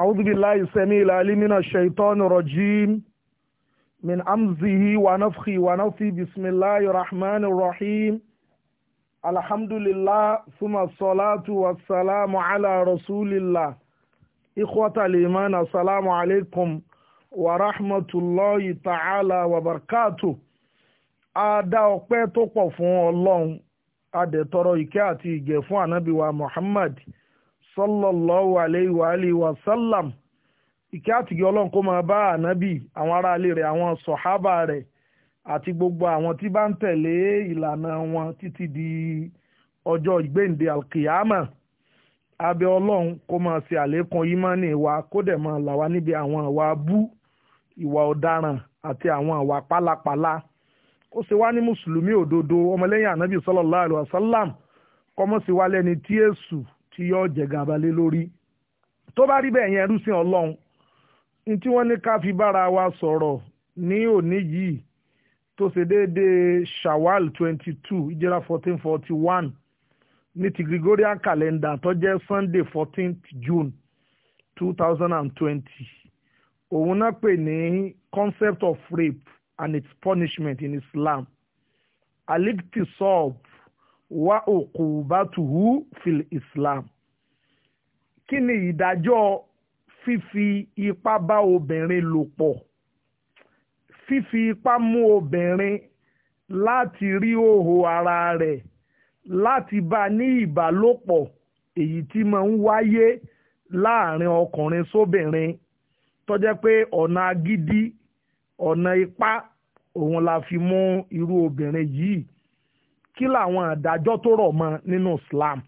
أعوذ بالله السميع العليم من الشيطان الرجيم من أمزه ونفخه ونفثه بسم الله الرحمن الرحيم الحمد لله ثم الصلاة والسلام على رسول الله إخوة الإيمان السلام عليكم ورحمة الله تعالى وبركاته a dá ọpẹ́ tó pọ̀ fún Ọlọ́run a dẹ̀ tọrọ sallallahu alayhi wa alihi wa sallam ìkẹ́ àtìgẹ́ ọlọ́run kó máa bá ànábì àwọn aráalé rẹ̀ àwọn sọ̀hábà rẹ̀ àti gbogbo àwọn tí bá ń tẹ̀lé ìlànà wọn títí di ọjọ́ ìgbéǹde alkiyama abẹ ọlọ́run kó máa ṣe àlékún ìmánì wa kó dẹ̀ máa là wá níbi àwọn àwa bú ìwà ọ̀daràn àti àwọn àwa pálapàla ó ṣe wá ní mùsùlùmí òdodo ọmọlẹ́yìn ànábì sallallahu alaihi kọ́mọ́sí wa lẹ́ni tí tí yóò jẹ gàba lé lórí tó bá rí bẹ́ẹ̀ yẹn rúsìn ọlọ́run ní tí wọ́n ní ká fi bára wa sọ̀rọ̀ ní òní yìí tó ṣe déédéé shawal twenty two ìjẹ́ra fourteen forty one ní ti gregorian calendar tó jẹ́ sunday fourteenth june two thousand and twenty òun náà pè ní concept of rape and its punishment in islam alikti sob wá uqubatuhu fil islam kí ni ìdájọ́ fífi ipá bá obìnrin lò pọ̀ fífi ipá mú obìnrin láti rí òhò ara rẹ̀ láti bá ní ìbálòpọ̀ èyí tí máa ń wáyé láàrin ọkùnrin sóbìnrin tó pé ọ̀nà agídí ọ̀nà ipá òun la fi mú irú obìnrin yìí kí làwọn àdájọ́ tó rọ̀ mọ́ nínú Islam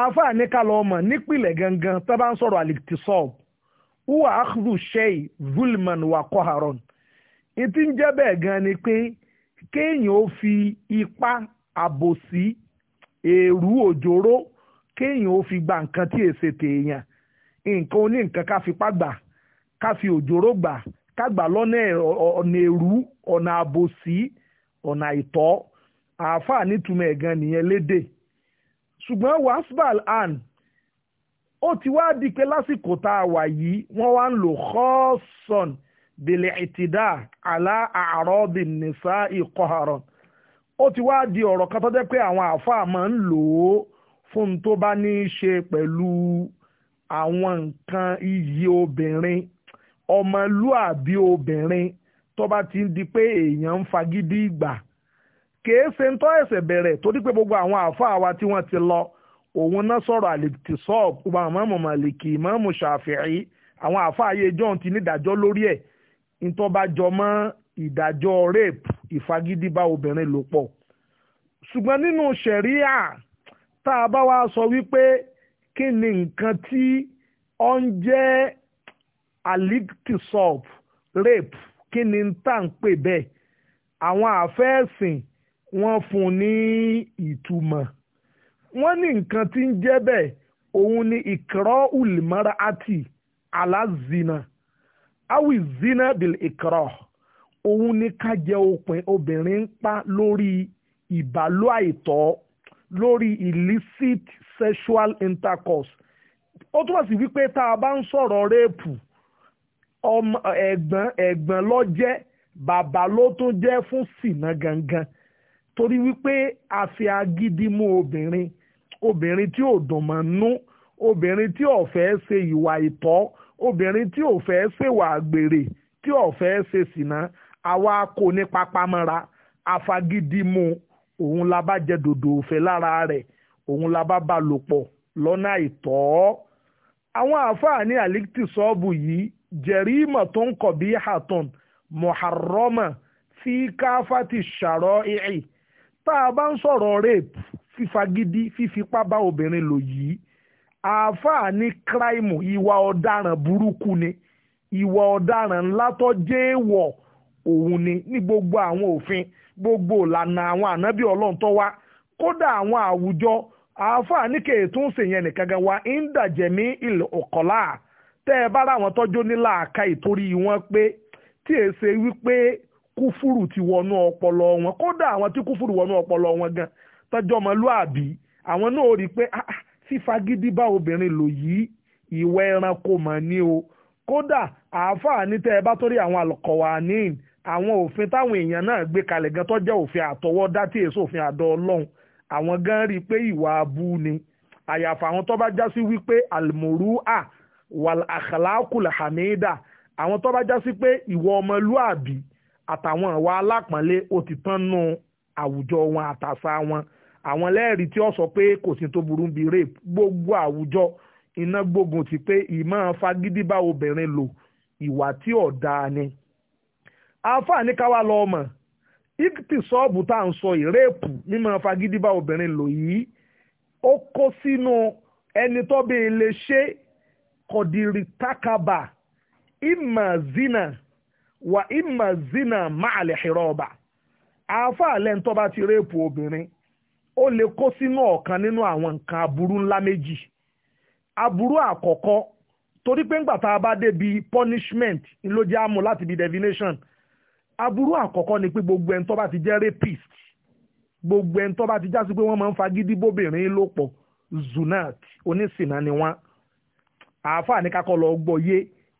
àáfàá ní ká lọ́ọ́ mọ̀ nípìnlẹ̀ gangan tá bá ń sọ̀rọ̀ aliktisọ́ọ̀bù huwa akhdu shay zulman wa qaharon ìtí ń jẹ́ bẹ́ẹ̀ gan ni pé kéèyàn ó fi ipá àbòsí èrú òjòró kéèyàn ó fi gba nǹkan tí èsè tèèyàn nǹkan oní nǹkan ká fipá gbà ká fi òjòró gbà ká gbà lọ́nà èrú ọ̀nà àbòsí ọ̀nà àìtọ́ àáfàá nítumọ̀ ẹ̀gàn nìyẹn lédè ṣùgbọ́n wasbal an ó ti wá di pé lásìkò tá a wà yìí wọ́n wá ń lò khọ́sọ̀n bèlè ìtìdá àlá àárọ̀dì nìṣá ìkọ̀hárọ̀ ó ti wá di ọ̀rọ̀ kan tó jẹ́ pé àwọn àáfàá máa ń lò ó fún tó bá ní í ṣe pẹ̀lú àwọn nǹkan iyì obìnrin ọmọlúàbí obìnrin tó bá ti di pé èèyàn ń fagídí ìgbà kèé ṣe ń tọ́ ẹ̀sẹ̀ bẹ̀rẹ̀ torí pé gbogbo àwọn àáfàá wa tí wọ́n ti lọ òun náà sọ̀rọ̀ àlètì sọ́ọ̀b ọba ìmáàmù màlìkì ìmáàmù ṣàfihì àwọn àáfàá ayé john ti nídàjọ́ lórí ẹ̀ ìtọ́bàjọ́ mọ́ ìdájọ́ rape ìfagídíbá obìnrin lò pọ̀ ṣùgbọ́n nínú ṣẹ̀ríà tá a bá wa sọ wípé kí ni nǹkan tí ó ń jẹ́ àlètì sọ́ọ̀b rape kí ni tá à ń pè bẹ́ẹ̀ àwọn àfẹ́ẹ̀sìn wọ́n fún un ní ìtumọ̀ wọ́n ní nǹkan tí ń jẹ́ bẹ́ẹ̀ òun ni ìkọ́rọ́ ulmara àti alazina awi zina bil ìkọ́rọ́ òun ni ká jẹ òpin obìnrin ń pa lórí ìbálò àìtọ́ lórí illicit sexual intercourse ó túmọ̀ sí wípé tá a bá ń sọ̀rọ̀ réèpù ẹ̀gbọ́n ẹ̀gbọ́n ló bàbá ló tún jẹ́ fún sìnà gangan torí wípé àfi agídí mú obìnrin obìnrin tí ò dùn mọ́ nú obìnrin tí ò fẹ́ ṣe ìwà ìtọ́ obìnrin tí ò fẹ́ ṣèwà àgbèrè tí ò fẹ́ ṣe sìnà àwa kò ní papamọ́ra àfagídí òun la bá jẹ dòdò òfẹ́ lára rẹ̀ òun la bá bá lò pọ̀ lọ́nà àìtọ́ àwọn àáfàá ní àlíkìtì sọ́ọ̀bù yìí jẹ̀rí ìmọ̀ tó ń kọ̀ bí hàtọ́n mọ̀hàrọ́mọ̀ fi káfàtì ṣàrọ̀ ìhìn tá a bá ń sọ̀rọ̀ rape fífagídí fífipá bá obìnrin lò yìí àáfàá ní kíráìmù ìwà ọ̀daràn burúkú ni ìwà ọ̀daràn ńlá tó wọ ni ní gbogbo àwọn òfin gbogbo ìlànà àwọn ànábì ọlọ́run tó wá kódà àwọn àwùjọ àáfàá ní nìkan gan wa ń dàjẹ̀mí ọ̀kọ́lá tẹ́ ẹ bá kúfúrù ti wọnú ọpọlọ wọn kódà àwọn tí kúfúrù wọnú ọpọlọ wọn gan tọjọ́ ọmọlúàbí àwọn náà rí i pé fífagídí ah, ah, bá obìnrin lò yìí ìwà ẹranko mọ̀ ní o kódà àáfàá ní tẹ́ ẹ bá torí àwọn alkọ̀wánín àwọn òfin táwọn èèyàn náà gbé kalẹ̀ gan tó jẹ́ òfin àtọwọ́dá tí èso òfin àdọ́ ọlọ́run àwọn gan rí i pé ìwà abú ni àyàfà àwọn tó bá já wípé almurua wal akhlaqul hamida àwọn tó bá já pé ìwà ọmọlúàbí àtàwọn àwa alápọ̀nlé ó ti tán nù àwùjọ wọn àtàṣà wọn àwọn lẹ́ẹ̀rí tí ó sọ pé kò sí tó burú bíi rape gbogbo àwùjọ iná gbógun ti pé ìmọ̀ fagídí bá obìnrin lò ìwà tí ò ni. àǹfààní ká wá lọ mọ̀ ìkìtì sọ́ọ̀bù tá à ń sọ ìrèpù mímọ̀ fagídí bá obìnrin lò yìí ó kó sínú ẹni tó bẹ́ẹ̀ lè ṣe kọ̀dìrì tákàbà ìmọ̀ zina wà ìmà zina máàlì ìrọ̀bà àáfàá lẹ́ńtọ́ bá ti réèpù obìnrin ó lè kó sínú ọ̀kan nínú àwọn nǹkan aburú ńlá méjì aburú àkọ́kọ́ torí pé ńgbà tá a bá débi punishment ló jẹ́ àmú láti bi divination aburú àkọ́kọ́ ni pé gbogbo ẹni tó bá ti jẹ́ rapist gbogbo ẹni tó bá ti já sí pé wọ́n máa ń fagídí bóbìnrin lò pọ̀ zunat onísìnà ni wọ́n àáfàá ní kakọ́ lọ gbọ́ yé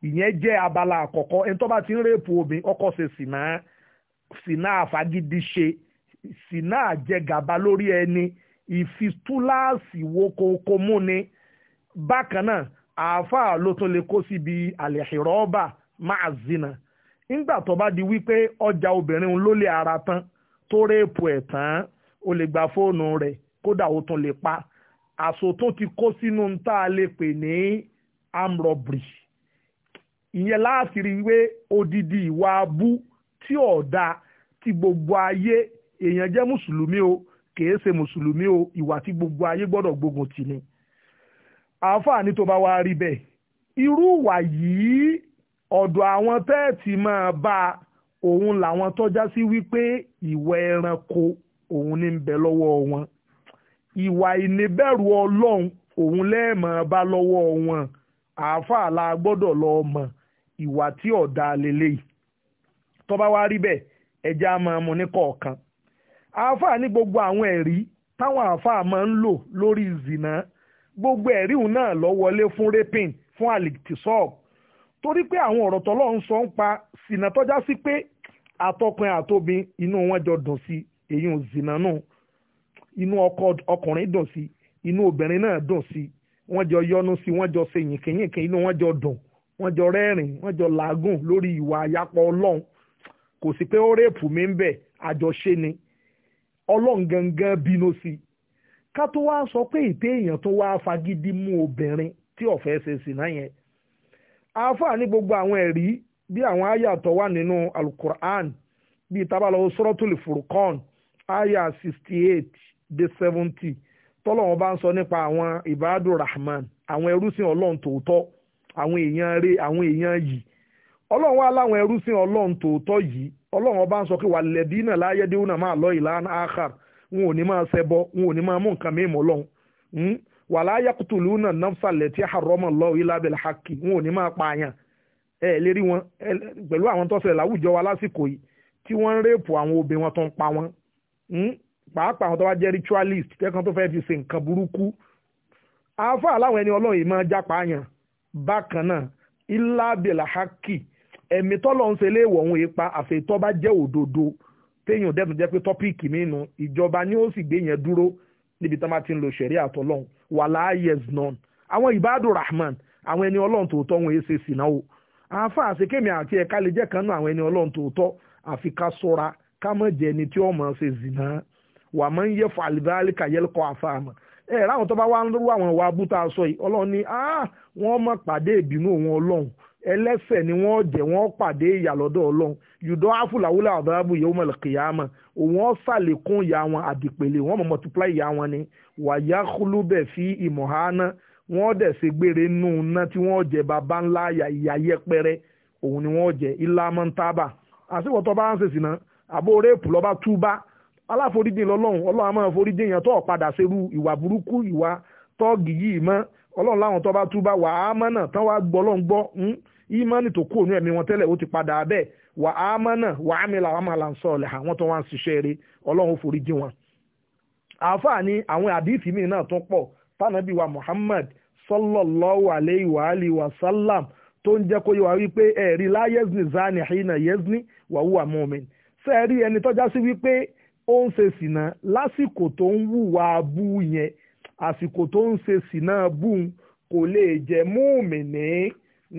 ìyẹn jẹ́ abala àkọ́kọ́ ẹni tó bá ti ń rèpù omi ọkọ ṣe sìnà sìnà àfagídí ṣe sìnà àjẹgàba lórí ẹni ìfitúláàsì wo kókó mú ni bákan náà àáfàá ló tún lè kó síbi àlèhìrọ́ọ̀bà máa zina nígbà tó bá di wípé ọjà obìnrin ló lè ara tán tó rèpù ẹ̀ tán ó lè gba fóònù rẹ̀ kódà ó tún lè pa àsòtún ti kó sínú ń tá a lè pè ní amrobri ìyẹn láti rí wé odidi ìwà abú tí ọ̀dà ti gbogbo ayé èèyàn jẹ́ mùsùlùmí o kìí ṣe mùsùlùmí o ìwà tí gbogbo ayé gbọ́dọ̀ gbógun tì ni. àǹfààní tó bá wá rí bẹ́ẹ̀ irú ìwà yìí ọ̀dọ̀ àwọn tẹ́ẹ̀tì máa bá a òun làwọn tọ́já sí wípé ìwà ẹranko òun ní ń bẹ lọ́wọ́ wọn ìwà ìníbẹ̀rù ọlọ́run òun lẹ́ẹ̀mọ́ bá lọ́wọ́ wọn àáfàá la gbọ́dọ̀ lọ mọ̀ ìwà tí ọ̀dà lélẹ́yìí tó bá wá rí bẹ́ẹ̀ ẹjẹ́ á máa mu ní kọ̀ọ̀kan àáfàá ní gbogbo àwọn ẹ̀rí táwọn àáfàá máa ń lò lórí ìzìnà gbogbo ẹ̀rí òun náà lọ wọlé fún rapin fún aliktisop torí pé àwọn ọ̀rọ̀ tọ́lọ́ ń sọ ń pa sìnà tọ́já sí pé àtọkùnrin àtobìn inú wọn jọ dùn sí èyí ò zìnà náà inú ọkùnrin dùn sí inú obìnrin náà dùn sí wọ́n jọ yọnu sí wọ́n jọ ṣe yìnkìnyìnkìn inú wọn jọ dùn wọ́n jọ rẹ́rìn wọ́n jọ làágùn lórí ìwà àyàpọ̀ ọlọ́run kò sí pé ó rèpù mi ń bẹ̀ àjọṣe ni ọlọ́run gangan bínú sí i ká tó wá sọ pé ìpè èèyàn tó wá fagídí mú obìnrin tí ọ̀fẹ́ ṣe sì náà yẹn àáfàá ní gbogbo àwọn ẹ̀rí bí àwọn àyà tó wà nínú alukur'an bíi tábàlọ́ suratul furqan àyà sixty eight dé seventy tọ́lọ́wọ́n bá ń sọ nípa àwọn ibadu rahman àwọn ẹrúsìn ọlọ́run tòótọ́ àwọn èèyàn rẹ̀ àwọn èèyàn yìí ọlọ́run wá láwọn ẹrú sí ọlọ́run tòótọ́ yìí ọlọ́run ọba ń sọ pé wà lẹ́dínà láyédéwúnà máa lọ ìlànà àkàr wọn ò ní máa ṣẹbọ wọn ò ní máa mú nǹkan mímọ́ lọ́hùn wà láyàkùtù lùnà nọ́fṣàlẹ̀ tí àrọ́mọ̀ lọ ìlàbẹ̀lẹ̀ hakì wọn ò ní máa pààyàn ẹ lérí wọn pẹ̀lú àwọn tó ṣẹlẹ̀ láwùjọ wa lásìkò yìí tí wọ́n ń rèèpù àwọn obìnrin wọn tó ń pa hmm? wọn bákan náà ilá abẹ́là hákì ẹ̀mí tọ́lọ̀ ń ṣẹlẹ̀ ìwọ̀ òun ipa àfẹ́tọ́ bá jẹ́ òdodo téèyàn dẹ́tun jẹ́ pé tọ́píìkì mi ìjọba ni ó sì gbé yẹn dúró níbi tí wọ́n bá ti ń lo ṣẹ̀rí àtọ́lọ́hún wàhálà yes none àwọn ìbádùn rahman àwọn ẹni ọlọ́run tòótọ́ wọn èsè sìnà o àáfà àṣekémi àti ẹ̀ka lè jẹ́ kan náà àwọn ẹni ọlọ́run tòótọ́ àfi ká sọ́ra ká mọ̀ jẹ́ ẹni tí ọmọ ṣe zìnà wà ń yẹ fàlìbálì kàyẹ́lẹ́kọ̀ọ́ àfàmà ẹ ráwọn tó bá wá ń rú àwọn ìwà abúta aṣọ yìí ọlọ́run ni ah, wọ́n mọ̀ pàdé ìbínú òun ọlọ́run ẹlẹ́ṣẹ̀ ni wọ́n jẹ́ wọ́n pàdé ìyà lọ́dọ̀ ọlọ́run yùdọ́ áfúláwúlà ọ̀dọ́rábù yẹ̀wò mọ̀lẹ́kìyàmọ̀ òun ọ̀sàlẹ̀kùn ìyà wọn àdìpèlè wọ́n mọ̀ mọ̀túpláì ìyà wọn ni wàyà kúlúbẹ̀ fi ìmọ̀hánà wọ́n dẹ̀ ṣe gbére nù ná tí wọ́n jẹ bàbá ńlá ìyà yẹpẹrẹ òun ni wọ́n jẹ ìlàmọ́ntàbà àṣìwọ̀tọ́ bá ń ṣèṣìnà àbó lọ́ba túbá aláforíjìn lọ́lọ́run ọlọ́run a máa foríjìn èèyàn tó padà serú ìwà burúkú ìwà tọ́ọ̀gì yìí mọ́ ọlọ́run láwọn tó bá túbà wà á mọ́ náà tán wá gbọ́ ọlọ́run gbọ́ ìmánì tó kú òun ẹ̀mí wọn tẹ́lẹ̀ ó ti padà bẹ́ẹ̀ wà á mọ́ náà wà á mi là máa là ń sọ àwọn tó wá ń ṣiṣẹ́ rere ọlọ́run foríjìn wọn. àáfàá ni àwọn àdìsí mi náà tún pọ̀ tánàbí wa Muhammad sallallahu alayhi wa alihi wa sallam tó ń jẹ́ kó yẹ wá wípé ẹ̀rí láyézni zani hina ó ń ṣe sìnà lásìkò tó ń wùwà abú yẹn àsìkò tó ń ṣe sìnà abú kò lè jẹ́ múùmìnì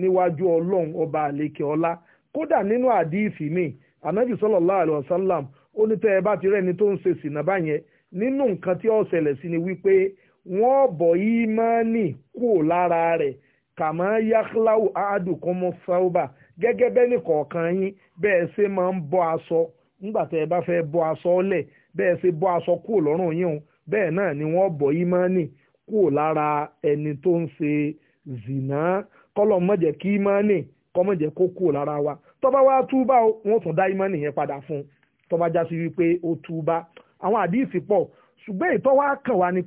níwájú ọlọ́run ọba àlekè ọlá kódà nínú àdìsí mi anabi sallallahu alaihi wasallam ó ní tẹ́ ẹ bá ti rẹ́ni tó ń ṣe sìnà báyẹn nínú nǹkan tí ó ṣẹlẹ̀ sí ni wípé wọ́n bọ̀ ìmánì kúrò lára rẹ̀ kàmá yáhláwù àádùn kọ́mọ́sáwùbà gẹ́gẹ́ bẹ́ẹ̀ nìkọ̀ọ̀kan yín bẹ́ẹ̀ ṣe máa ń bọ́ aṣọ nígbà tẹ́ ẹ bá fẹ́ bọ́ aṣọ lẹ̀ bẹ́ẹ̀ ṣe bọ́ aṣọ kúrò lọ́rùn yín o bẹ́ẹ̀ náà ni wọ́n bọ́ ìmánì kúrò lára ẹni tó ń ṣe zìnà kọ́lọ̀ má kí ìmánì kọ́ má jẹ́ kó kúrò wa tọ́ba wa túbà wọn tún dá ìmánì yẹn padà fún un tọ́ba já sí wípé ó túbà àwọn pọ̀ ṣùgbọ́n ìtọ́ wa kàn wá ni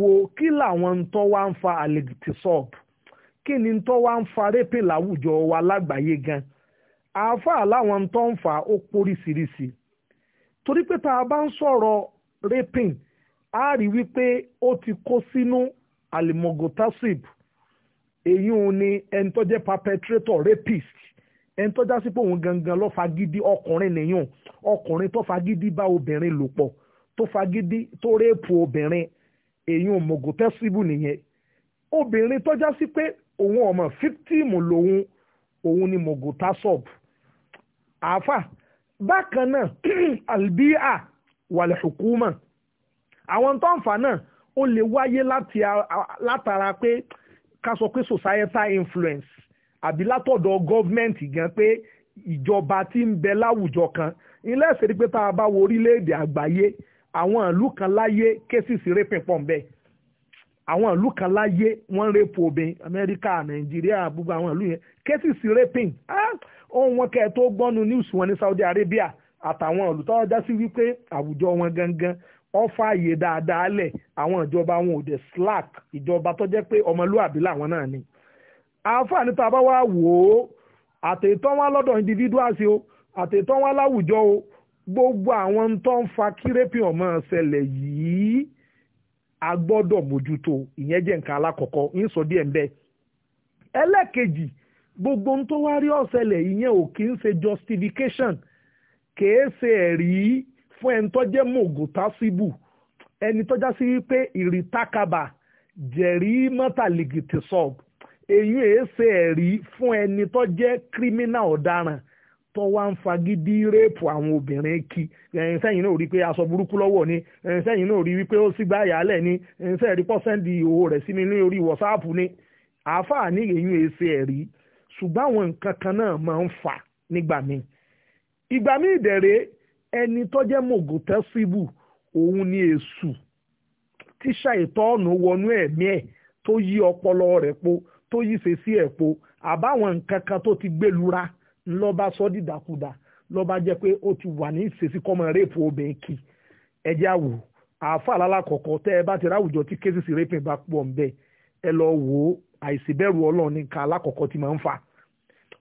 wo kí làwọn ń tọ́ ń fa ni ń tọ́ ń wa lágbàáyé gan àáfàá láwọn tó ń fà ó póríṣiríṣi torí pé tá a bá ń sọ̀rọ̀ raping a rí wípé ó ti kó sínú alimogotasib èyí òun ni ẹni tó jẹ́ perpetrator rapist ẹni tó já sí pé òun gangan ló fagídí ọkùnrin nìyàn ọkùnrin tó fagídí bá obìnrin lò pọ̀ tó fagídí tó réèpù obìnrin èyí òun mogotasibu nìyẹn obìnrin tó já sí pé òun ọmọ fíktìmù lòun òun ni mogotasob àáfà bákan náà albia wàlẹ̀hùkúmà àwọn tó ń fà náà ó lè wáyé látara pé ká sọ pé societal influence àbí látọ̀dọ̀ gọ́ọ̀mẹ̀ntì gan pé ìjọba tí ń bẹ láwùjọ kan ilé ìṣèlú pé tá a bá wo orílẹ̀-èdè àgbáyé àwọn ìlú kan láyé késìsì rẹ́pìn pọ̀ ń bẹ́ẹ̀ àwọn ìlú kan láyé wọ́n ń rẹ́pù obìnrin Amẹ́ríkà Nàìjíríà gbogbo àwọn ìlú yẹn késìsì rẹ́pìn ah ohun wọn to news wọn ní Saudi Arabia àtàwọn olùtọ́jà sí wípé àwùjọ wọn gangan ofa aye dáadáa lẹ̀ àwọn ìjọba wọn ò dẹ̀ slack ìjọba tó jẹ́ pé ọmọlúàbí làwọn náà ni. àǹfààní tá bá wá wò ó àtẹ̀tọ́ wọn lọ́dọ̀ individuals o àtẹ̀tọ́ o gbogbo àwọn ń tọ́ ń fa kírépì ọmọ ṣẹlẹ̀ yìí a gbọ́dọ̀ mójútó ìyẹn jẹ́ nǹkan alákọ̀ọ́kọ́ ń sọ gbogbo ohun tó wá rí ọ̀sẹ̀lẹ̀ ìyẹn ò kì í ṣe justification kìí ṣe ẹ̀rí fún ẹni tó jẹ́ mògùtà síbù ẹni tó já sí wípé ìrìtàkàbà jẹ̀rí mọ́tàlìgìtì sub èyí èé ṣe ẹ̀rí fún ẹni tó jẹ́ criminal ọ̀daràn tó wá ń fagídí réèpù àwọn obìnrin kí ẹ̀yìn sẹ́yìn náà rí i pé aṣọ burúkú lọ́wọ́ ni ẹ̀yìn sẹ́yìn náà rí i pé ó sì gbá ni ẹ̀yìn sẹ́yìn rí pọ́sẹ́ǹdì ìhòòhò rẹ̀ sí mi ní orí wọ́sáàpù ni àáfàá ní èyí èé ṣe ẹ̀rí ṣùgbọ́n àwọn nǹkan kan náà máa ń fà nígbà míì ìgbà míì dẹ̀rẹ̀ ẹni tó jẹ́ mọ̀gòtẹ́ síbù òun ni èṣù tíṣà ìtọ́ọ̀nù wọnú ẹ̀mí ẹ̀ tó yí ọpọlọ rẹ̀ po tó yí ṣe sí ẹ̀ po àbáwọn nǹkan kan tó ti gbẹlura ńlọba sọ dídàkudà lọba jẹ́ pé ó ti wà ní ìṣesí kọ́mọ réèpù obìnrin kì ẹjẹ́ àwò àáfà alálàkọ̀kọ́ tẹ́ ẹ bá ti ráwùjọ tí kéṣìṣì rẹ́pìn bá pọ̀ ń bẹ́ẹ̀ ẹ lọ wò ó àìsíbẹ̀rù ọlọ́run ní nǹkan alákọ̀ọ́kọ́ tí máa ń fà á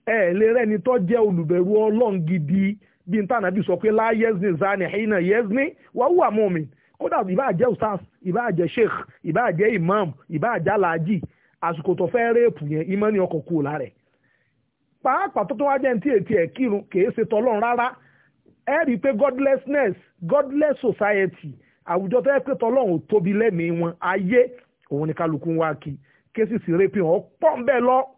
ẹ lè rẹ́ni tó jẹ́ olùbẹ̀rù ọlọ́run gidi bí n tànàbí sọ pé láyé zani hina yézni wàá wà mọ́min kódà ìbáà jẹ́ ustaz ìbáà jẹ́ sheikh ìbáà jẹ́ imam ìbáà jẹ́ alhaji àsìkò tó fẹ́ réèpù yẹn ìmọ̀ ni ọkọ̀ kú lára ẹ̀ pàápàá tó tó wá jẹ́ ètí ẹ̀ kírun kìí ṣe tọ́lọ́run rárá ẹ rí i pé godlessness godless society àwùjọ tó yẹ pé tọ́lọ́run ò tóbi lẹ́mìí wọn ayé òun ni kálukú wá kí kéésì sí réèpù yẹn ọ̀pọ̀ ń lọ́ọ́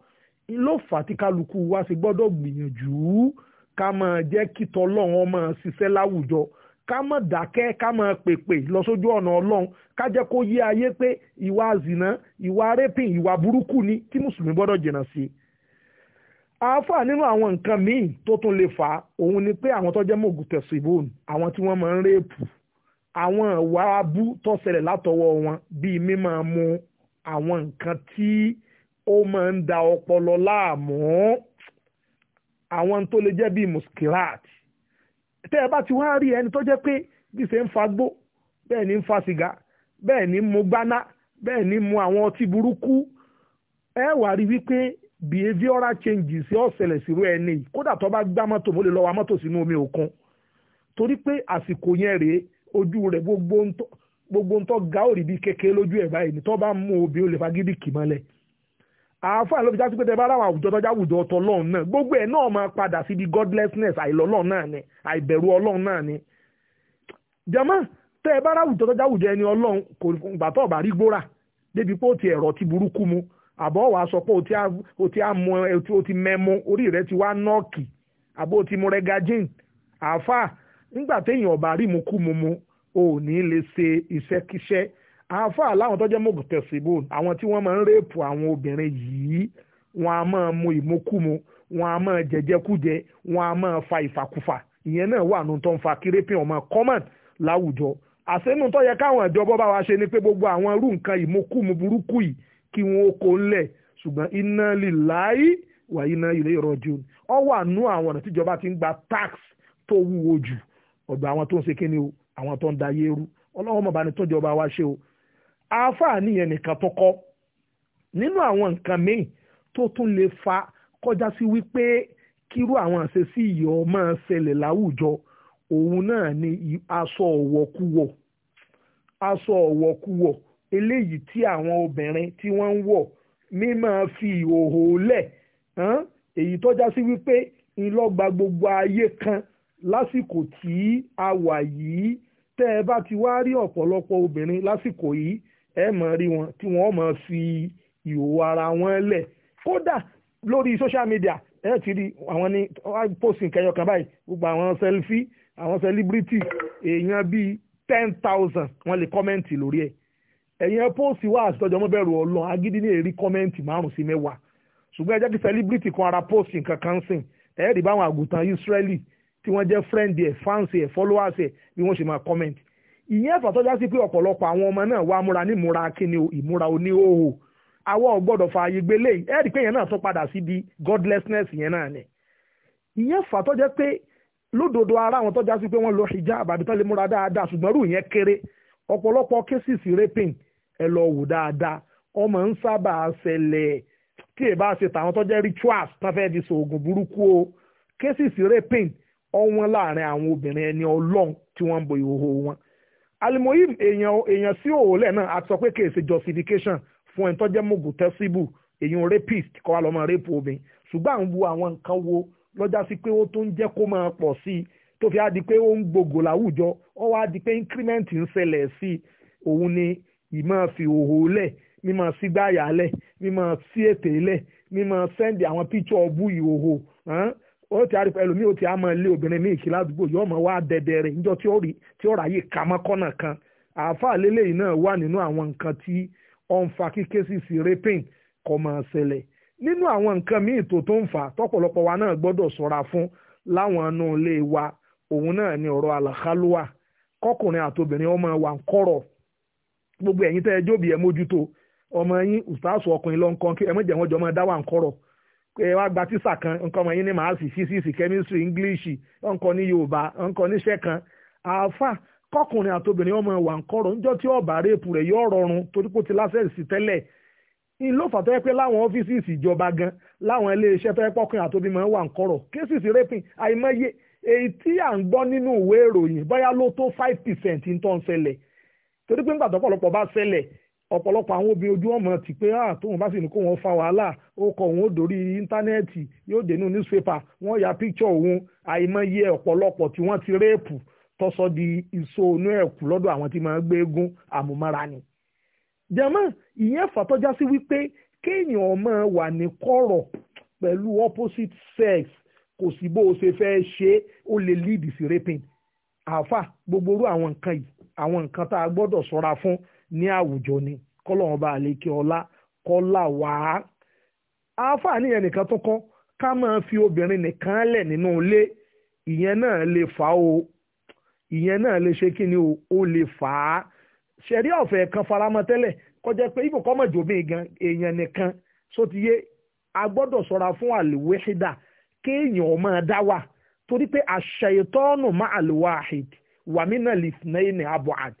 ló fà á tí kálukú wa ṣe gbọ́dọ̀ gbìyànjú ká máa jẹ́ kí tọlọ́run máa ṣiṣẹ́ láwùjọ ká má dákẹ́ ká má pèpè lọ sójú ọ̀nà ọlọ́run ká jẹ́ kó yé ayé pé ìwà zìnà ìwà rẹ́pìn ìwà burúkú ni tí mùsùlùmí gbọ́dọ̀ jìnnà sí. àáfà nínú àwọn nǹkan míì tó tún lè fà á òun ni pé àwọn tó jẹ́ mọ̀gùn tẹ̀sùn ìbòòn àwọn tí wọ́n máa ń rẹ́pù àwọn ìwà abú tó ṣẹlẹ̀ látọwọ́ wọn bíi mímọ́ mu àwọn nǹkan Tí ó máa ń da ọpọlọ láàmú àwọn tó lè jẹ́ bíi muskirat tẹ́ ẹ bá ti wá rí ẹni tó jẹ́ pé bí ṣe ń fagbó bẹ́ẹ̀ ni ń fa sìgá bẹ́ẹ̀ ni ń mu gbaná bẹ́ẹ̀ ni ń mu àwọn ọtí burúkú ẹ wá rí wípé behavioral changes yóò ṣẹlẹ̀ sírú ẹni kódà tó bá gbá mọ́tò mo lè lọ wa mọ́tò sínú omi òkun torí pé àsìkò yẹn rèé ojú rẹ̀ gbogbo ń tọ́ ga òrìbí kékeré lójú ẹ̀ báyìí ni tó bá mú obì ó lè fagídí kì mọ́lẹ̀ àáfàá ló fi jásí pé tẹ bá ráwọn àwùjọ àwùjọ gbogbo ẹ náà máa padà síbi godlessness àìlọ́lọ́run náà ni àìbẹ̀rù ọlọ́run náà ni. jama tẹ ẹ bá àwùjọ ẹni ọlọ́run kò gbà tó ọ̀bà rí gbóra débi pé ó ti ẹ̀rọ ti burúkú mu àbọ̀ wàá sọ pé o ti orí rẹ àáfàá láwọn tó jẹ́ mọ̀gòtẹ̀síbò àwọn tí wọ́n máa ń rèèpù àwọn obìnrin yìí wọ́n á máa mu ìmúkúmu wọ́n á máa jẹjẹkújẹ wọ́n á máa fa ìfàkùfà ìyẹn náà wà nù tó ń fa kírépì ọmọ common láwùjọ àṣẹnu tó yẹ káwọn ìjọba bá wa ṣe ni pé gbogbo àwọn irú nǹkan ìmúkúmu burúkú yìí kí wọn ó kó ńlẹ̀ ṣùgbọ́n iná líláyé wà iná ilé ìrọ̀jù ọ wà nú àwọn ọ̀nà tíjọba ti ń gba tax tó wúwo jù ọ̀dọ̀ àwọn tó ń ṣe kíni o àwọn tó ń da yé rú ọlọ́wọ́n mọ̀bá ni tó jọba wa ṣe o àáfàá nìyẹn nìkan tó kọ́ nínú àwọn nǹkan míì tó tún lè fa kọjá sí wípé kírú àwọn àṣesí ìyọ́ máa ṣẹlẹ̀ láwùjọ òun náà ni aṣọ ọ̀wọ́kúwọ̀ aṣọ ọ̀wọ́kúwọ̀ eléyìí tí àwọn obìnrin tí wọ́n ń wọ̀ mímọ́ fi ìhòòhò lẹ̀ èyí tó já sí wípé ńlọ́gba gbogbo ayé kan lásìkò tí a wà yìí tẹ́ ẹ bá ti wá rí ọ̀pọ̀lọpọ̀ obìnrin lásìkò yìí ẹ máa rí wọn tí wọ́n máa fi ìhòòhò ara wọn lẹ̀ kódà lórí social media ẹ ti rí àwọn ní post nkẹyọ kan báyìí gbogbo àwọn selfie àwọn celebrity èèyàn bíi ten thousand wọ́n lè kọ́mẹ́ǹtì lórí ẹ̀ ẹ̀yìn post wà àtọ́jọ́ mọ́ bẹ̀rù ọlọ́ agídí ní èrí kọ́mẹ́ǹtì márùn sí mẹ́wàá ṣùgbọ́n ẹ jẹ́ kí celebrity kan ara post nǹkan kan sìn ẹ báwọn àgùntàn Israeli tí wọ́n jẹ́ friend ẹ̀ fans ẹ̀ followers ẹ̀ bí wọ́n ṣe máa kọ́mẹ́ǹtì ìyẹn ẹ̀fà tọ́já sí pé ọ̀pọ̀lọpọ̀ àwọn ọmọ náà wá múra ní ìmúra kíni ìmúra oníhòòhò àwọn ọ̀gbọ́dọ̀ fààyè gbélé ẹ̀rí pé yẹn náà tún padà síbi godlessness yẹn náà ni ìyẹn fà tọ́já pé lódodo ara àwọn tọ́já sí pé wọ́n lọ hijab àbí tọ́lé múra dáadáa ṣùgbọ́n rú ìyẹn kéré ọ̀pọ̀lọpọ̀ cases raping ẹ lọ wò dáadáa ọmọ ń sábà ṣẹlẹ̀ tí ẹ bá ṣe tàwọn tọ́já rituals tán fẹ́ fi ṣoògùn burúkú o cases raping ọ̀wọ́n láàrin àwọn obìnrin ẹni ọlọ́run tí wọ́n ń bo ìhòòhò wọn alimoyim èèyàn èèyàn sí òòlẹ̀ náà a sọ pé kì í ṣe justification fún ẹni tó jẹ́ mogu tẹ́síbù èèyàn rapist kọ́ wa lọ́mọ rape obìnrin ṣùgbọ́n à ń wo àwọn nǹkan wo lọ́jà sí pé ó tó ń jẹ́ kó máa pọ̀ sí i tó fi á di pé ó ń gbogò láwùjọ ó wá di pé increment ń ṣẹlẹ̀ sí i òun ni ìmọ̀ fi òhò lẹ̀ mímọ̀ sígbáyà lẹ̀ mímọ̀ sí ètè lẹ̀ mímọ̀ sẹ́ndì àwọn píṣọ̀ ọ̀bù ìhòhò ó ti àrífẹ́ ẹlòmíì ó ti àmọ́ ilé obìnrin míì kí ládùúgbò yóò mọ̀ wá dẹ̀dẹ̀ rẹ̀ níjọ́ tí ó rí tí ó ráyè kan àáfàá lélẹ́yìn náà wà nínú àwọn nǹkan tí ó ń fa kí kéṣìṣì rapin kọ́ máa ṣẹlẹ̀ nínú àwọn nǹkan míì tó tó wa náà gbọ́dọ̀ ṣọ́ra fún láwọn inú ilé wa òun náà ni ọ̀rọ̀ àlàkálùwà kọkùnrin àtobìnrin ọmọ wa ń kọ̀rọ̀ gbogbo ẹ̀yin tẹ́ ẹ jóbi ẹ mójútó ọmọ yín ọkùnrin pé wá gba tíṣà kan nǹkan ọmọ yín ní màá sì físíìsì kẹ́mísírì ingilishi nǹkan ní yorùbá nǹkan níṣẹ́ kan àáfà kọkùnrin àtobìnrin ọmọ ìwà ńkọrọ níjọ́ tí ọba réèpù rẹ̀ yóò rọrùn torí kó ti lásẹ̀sì tẹ́lẹ̀ ń ló fàtọ́ yẹ pé láwọn ọ́fíìsì ìjọba gan láwọn iléeṣẹ́ tó yẹ pọ́kùnrin àtobìnrin máa ń wà ńkọrọ kéṣìṣì rẹ́pìn àìmọye èyí tí à ń gbọ́ nínú ìwé ìròyìn bóyá ló tó five percent ń tọ́ ń ṣẹlẹ̀ torí pé ńgbà tọ́pọ̀lọpọ̀ bá ṣẹlẹ̀ ọ̀pọ̀lọpọ̀ àwọn obìnrin ojú ọmọ ti pé ah tóun bá sì ní kó wọn fa wàhálà ó kọ òun ó dórí íńtánẹ́ẹ̀tì yóò dénú newspaper wọ́n ya picture òun àìmọye ọ̀pọ̀lọpọ̀ tí wọ́n ti réèpù tọ́sọ di ìṣó inú ẹ̀kú lọ́dọ̀ àwọn tí máa ń gbé eégún àmúmára ni. jẹ́mọ́ ìyẹn fàtọ́já sí wípé kéèyàn máa wà ní kọ̀rọ̀ pẹ̀lú opposite sex kò sí bó o ṣe fẹ́ ṣe ó lè lead sí raping àáfà gbogbo irú àwọn nǹkan yìí àwọn nǹkan tá a gbọ́dọ̀ ṣọ́ra fún ní àwùjọ ni kọ́lọ́wọ́n bá àlékè ọlá kọ́lá wàá. àǹfààní yẹn nìkan tó kọ́ ká máa fi obìnrin nìkan lẹ̀ nínú ilé ìyẹn náà lè fà á o ìyẹn náà lè ṣe kí ni o ó lè fà á. ṣẹ̀rí ọ̀fẹ́ kan faramọ́ tẹ́lẹ̀ kọjá pé ibò kọ́ mọ̀jòmí gan èèyàn nìkan sótìyé a gbọ́dọ̀ sọ́ra fún àlùwẹ́ṣídà kéèyàn ó dá wà torí pé àṣẹ má àlùwà àhìd wàmínà lìfìnà ìní àbọ̀ àdì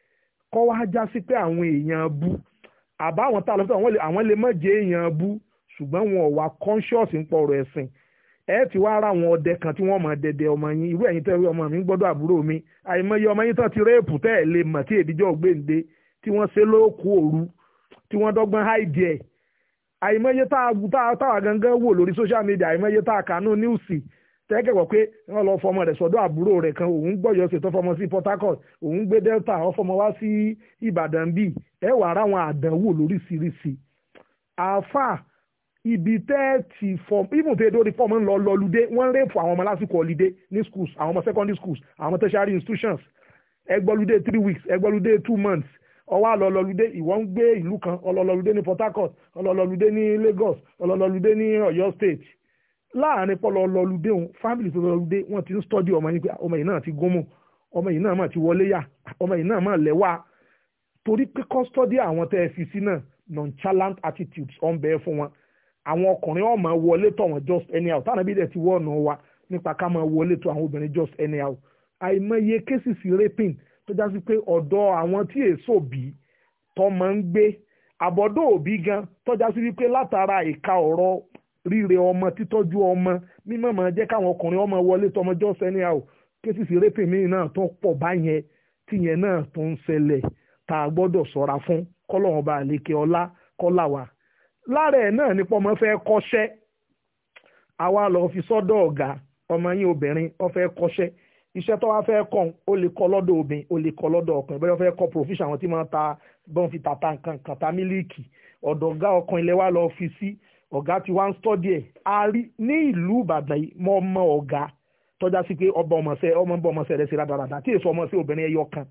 kọ́ wá já sí pé àwọn èèyàn bú àbá àwọn tá a lọ sí àwọn lè má èèyàn bú ṣùgbọ́n wọn ò wá conscious ń pọ̀rọ̀ ẹ̀sìn ẹ ti wá ra àwọn ọdẹ kan tí wọ́n mọ̀ dẹ̀dẹ̀ ọmọ yín irú ẹ̀yin tẹ́ ọmọ mi gbọ́dọ̀ àbúrò mi àìmọye ọmọ yín tán ti réèpù tẹ́ ẹ̀ lè mọ̀ tí èdíjọ́ gbèǹde tí wọ́n ṣe tẹ́kẹ̀wọ̀ pé wọ́n lọ fọmọ rẹ̀ sọ́dọ̀ àbúrò rẹ̀ kan òun gbọ́yọ̀ ṣètò fọmọ sí Port Harcourt òun gbé Delta ọfọmọ wá sí Ìbàdàn bíi ẹ wà ara àwọn àdánwò lóríṣiríṣi àáfà ibi tẹ́ẹ̀tì fọm ibùn tẹ́ẹ̀ dórí fọmọ ń lọ lọlùdé wọ́n rẹ́pù àwọn ọmọ lásìkò ọ̀lídé ní schools àwọn ọmọ secondary schools àwọn tertiary institutions ẹgbọ́lùdé three weeks ẹgbọ́lùdé two months ọwọ́ àlọ́lọ́lùdé ìwọ ń gbé ìlú kan ọlọ́lọ́lùdé ní Port Harcourt ọlọ́lọ́lùdé ní Lagos ọlọ́lọ́lùdé ní Ọ̀yọ́ state láàrin pọ́lọ lọlùdé òun fámìlì tó lọlùdé wọ́n ti ń stọ́dí ọmọ yìí pé ah, ọmọ yìí náà ti gómò ọmọ yìí náà mà ti wọlé yà ọmọ yìí náà mà lẹ́wà torí pé kọ́stọ́dí àwọn tẹ́ ẹ fi sí nonchalant attitudes ọ̀n bẹ́ẹ̀ fún wọn àwọn ọkùnrin ọmọ wọlé tọ̀ wọn just anyhow táwọn ẹbí ti wọ́ ọ̀nà wa nípa ká máa wọlé tọ̀ àwọn obìnrin just anyhow àìmọye cases raping tó já sí pé ọ̀dọ̀ àwọn tí èso bí tọ́ máa ń gbé àbọ̀dọ̀ òbí gan tọ́já sí wípé látara ìka ọ̀rọ̀ ríre ọmọ títọ́jú ọmọ mímọ̀ máa jẹ́ káwọn ọkùnrin ọmọ wọlé tọmọjọ́ sẹ́ni àwò kéṣìṣì rẹ́pì míì náà tó pọ̀ báyẹn tíyẹn náà tó ń ṣẹlẹ̀ tá a gbọ́dọ̀ sọ̀ra fún kọ́lọ́run bá àlékè ọlá kọ́là wa. lára ẹ̀ náà ni pọ́mọ fẹ́ kọ́ṣẹ́ àwa lọ fi sọ́dọ̀ ọ̀gá ọmọ yín obìnrin ó fẹ́ kọ́ṣẹ́ iṣẹ́ tó wá fẹ́ kọ́ ó lè kọ́ lọ́dọ̀ obìnrin ó lè kọ́ lọ́dọ̀ ọkùnrin bóyá ó fẹ́ kọ́ profession àwọn tí wọ́n ta bọ́n fi tàta nǹkan kàtà mílíìkì ọ̀dọ̀ ọ̀gá ọkùnrin lẹ́wà lọ fi sí ọ̀gá tí wá ń stọ́dí ẹ̀ a rí ní ìlú ìbàdàn yìí mọ́ ọmọ ọ̀gá tọ́já sí pé ọba ọmọọ̀sẹ̀ ọmọ ọba ọmọọ̀sẹ̀ rẹ̀ sí rádaràdà tí èso ọmọọ̀sẹ̀ obìnrin ẹyọ kan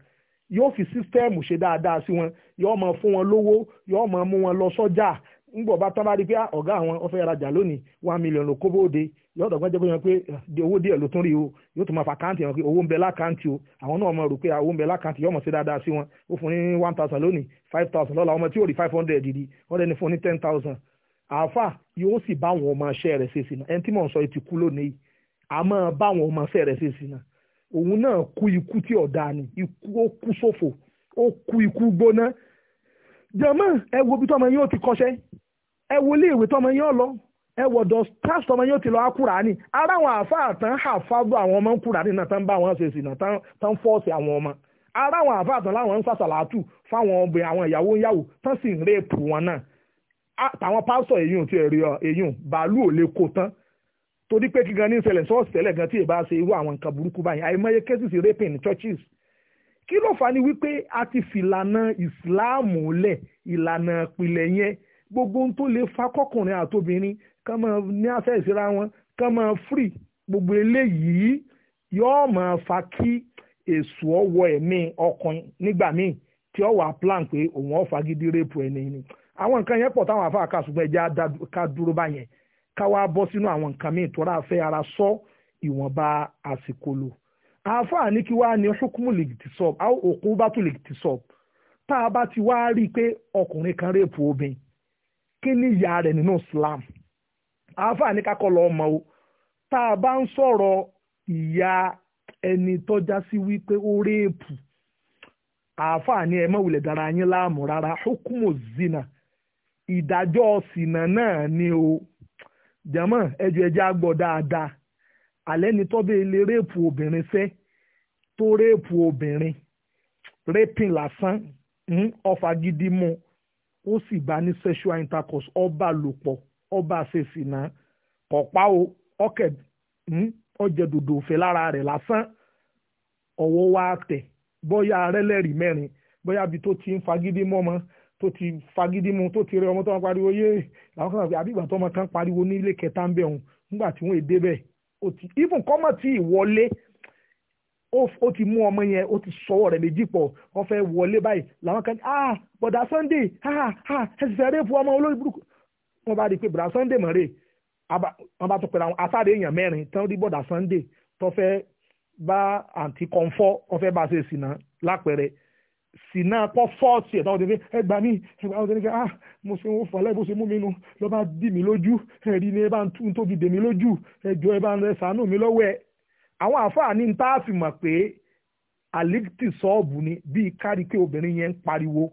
yóò fi sísítẹ́ẹ̀mù ṣe dáadáa sí wọn yóò máa fún wọn lówó yóò máa mú wọn lọ sọ́jà ńgbọ̀ bá tán bá rí pé ah, ọ̀gá àwọn ọ̀fẹ́ rajà lónìí one million ló kóbó òde yóò dọ̀gbọ́n jẹ́ pé pé ah, owó díẹ̀ ló tún rí o yóò tún máa fa káàntì wọn pé owó ń bẹ lákàntì o àwọn náà mọ̀ rò pé ah, owó ń bẹ lákàntì yóò mọ̀ sí dáadáa sí wọn ó fún ní one thousand lónìí five thousand lọ́la ọmọ tí yóò rí five hundred dìdí wọ́n lẹ́ni fún ní ten thousand àáfà yóò sì bá àwọn ọmọ iṣẹ́ rẹ̀ ṣe sìnà ẹni tí mò ń sọ yìí ti kú lónìí àmọ́ bá àwọn ọmọ iṣẹ́ rẹ̀ ṣe sìnà òun náà kú ikú tí ọ̀dà ni ikú ó kú ṣòfò ó kú ikú gbóná jẹ̀mọ́ ẹ wo ibi tọ́mọ yóò ti kọ́ṣẹ́ ẹ wo ilé ìwé tọ́mọ yóò lọ ẹ wọ dọ stars tọ́mọ yóò ti lọ akúrani ara àwọn àáfàá tán àfáàgbọ àwọn ọmọ ń kúrani náà tán bá àwọn ṣe sìnà tán fọ́ọ̀sì àwọn ọmọ ara àwọn àáfàá tán láwọn ń sàṣàlátù fáwọn ọbẹ̀ àwọn ìyàwó ń yàwó tán sì ń réèpù wọn náà tàwọn pásítọ̀ èyún ti ẹ̀rí èyún bàálù ò lè kó tán torí pé kí gan ní ìṣẹ̀lẹ̀ sọ́ọ̀sì tẹ́lẹ̀ gan tí ì bá ṣe irú àwọn nǹkan burúkú báyìí àìmọye cases raping churches kí ló fà ní wípé a ti fìlànà ìsìláàmù lẹ̀ ìlànà ìpìlẹ̀ yẹn gbogbo ohun tó lè fa kọkùnrin àtobìnrin kán máa ní àṣẹ ìsira wọn kán máa free gbogbo eléyìí yóò máa fa kí èso ọwọ́ ẹ̀mí ọkùnrin nígbà míì tí ó wà plan pé òun ó fagídí rape ẹni ni àwọn nǹkan yẹn pọ̀ táwọn àfa àka ṣùgbọ́n ẹja ká dúró báyẹn ká wá bọ́ sínú àwọn nǹkan míì tó ráfẹ́ ara sọ ìwọ̀nba àsìkò lò àáfàá ní kí wàá ní ṣùkúmù lìgìtìsọ́ọ̀bù àwọn òkú bá tún lìgìtìsọ́ọ̀bù tá a bá ti wá rí i pé ọkùnrin kan rèépù obìnrin kí ni ìyá rẹ̀ nínú Islam àáfàá ní kákọ́ lọ ọmọ o tá a bá ń sọ̀rọ̀ ìyá ẹni tọ́já sí wípé ó rèépù àáfàá ní ẹ má dára yín láàmú rárá ṣùkúmù zina ìdájọ́ ṣìnà náà ni o jẹ́mọ́ ẹjọ́ ẹjẹ́ àgbọ̀ dáadáa alẹ́ ni tọ́bẹ̀ ilé réèpù obìnrin fẹ́ tó réèpù obìnrin rẹ́pìn lásán hmm, ọfà gidi mu ó sì bá ní sexual intercourse ọba lòpọ̀ ọba ọ kọ̀pá o ọkẹ̀ ọjẹ́ hmm, dòdò òfẹ́ lára rẹ̀ lásán ọwọ́ wa tẹ̀ bóyá arẹ́lẹ́rìí mẹ́rin bóyá bi tó ti ń fagídí tó ti fagídí mu tó ti rẹ ọmọ tó wọn pariwo yé làwọn kan sọ pé àbí ìgbà tó ọmọ kan pariwo ní ilé kẹta ń bẹ̀ òun nígbà tí wọ́n èdè bẹ̀ ó ti even kọ́mọ̀ tí ì wọlé ó ti mú ọmọ yẹn ó ti sọwọ́ rẹ̀ méjì pọ̀ wọ́n fẹ́ wọlé báyìí làwọn kan ah bọ̀dà Sunday ah ah ẹsẹ̀ fẹ́ rẹ́pù ọmọ olórí burúkú wọ́n bá rí i pé bọ̀dà Sunday mọ̀rẹ́ wọ́n bá tún pẹ̀lú àwọn asáré èèyàn mẹ́rin tán rí bọ̀dà Sunday tó fẹ́ bá àǹtí kọ̀ǹfọ́ wọ́n fẹ́ bá a ṣe sìnà lápẹ̀rẹ̀ sì náà kọ́ fọ́ọ̀sì ẹ̀ táwọn ọ̀dẹ́fẹ́ ẹgbà mí ẹgbà ọ̀dẹ́ ní ká ah mo ṣe ń fọlẹ́ bó ṣe mú mi nu lọ́ bá dì mí lójú ẹ̀rí ni ẹ bá ń tóbi dè mí lójú ẹjọ́ ẹ bá ń ṣàánú mi lọ́wọ́ ẹ̀. àwọn àfáà ní tá a fi mọ̀ pé àlìkìtì sọ́ọ̀bù ni bíi kárí pé obìnrin yẹn ń pariwo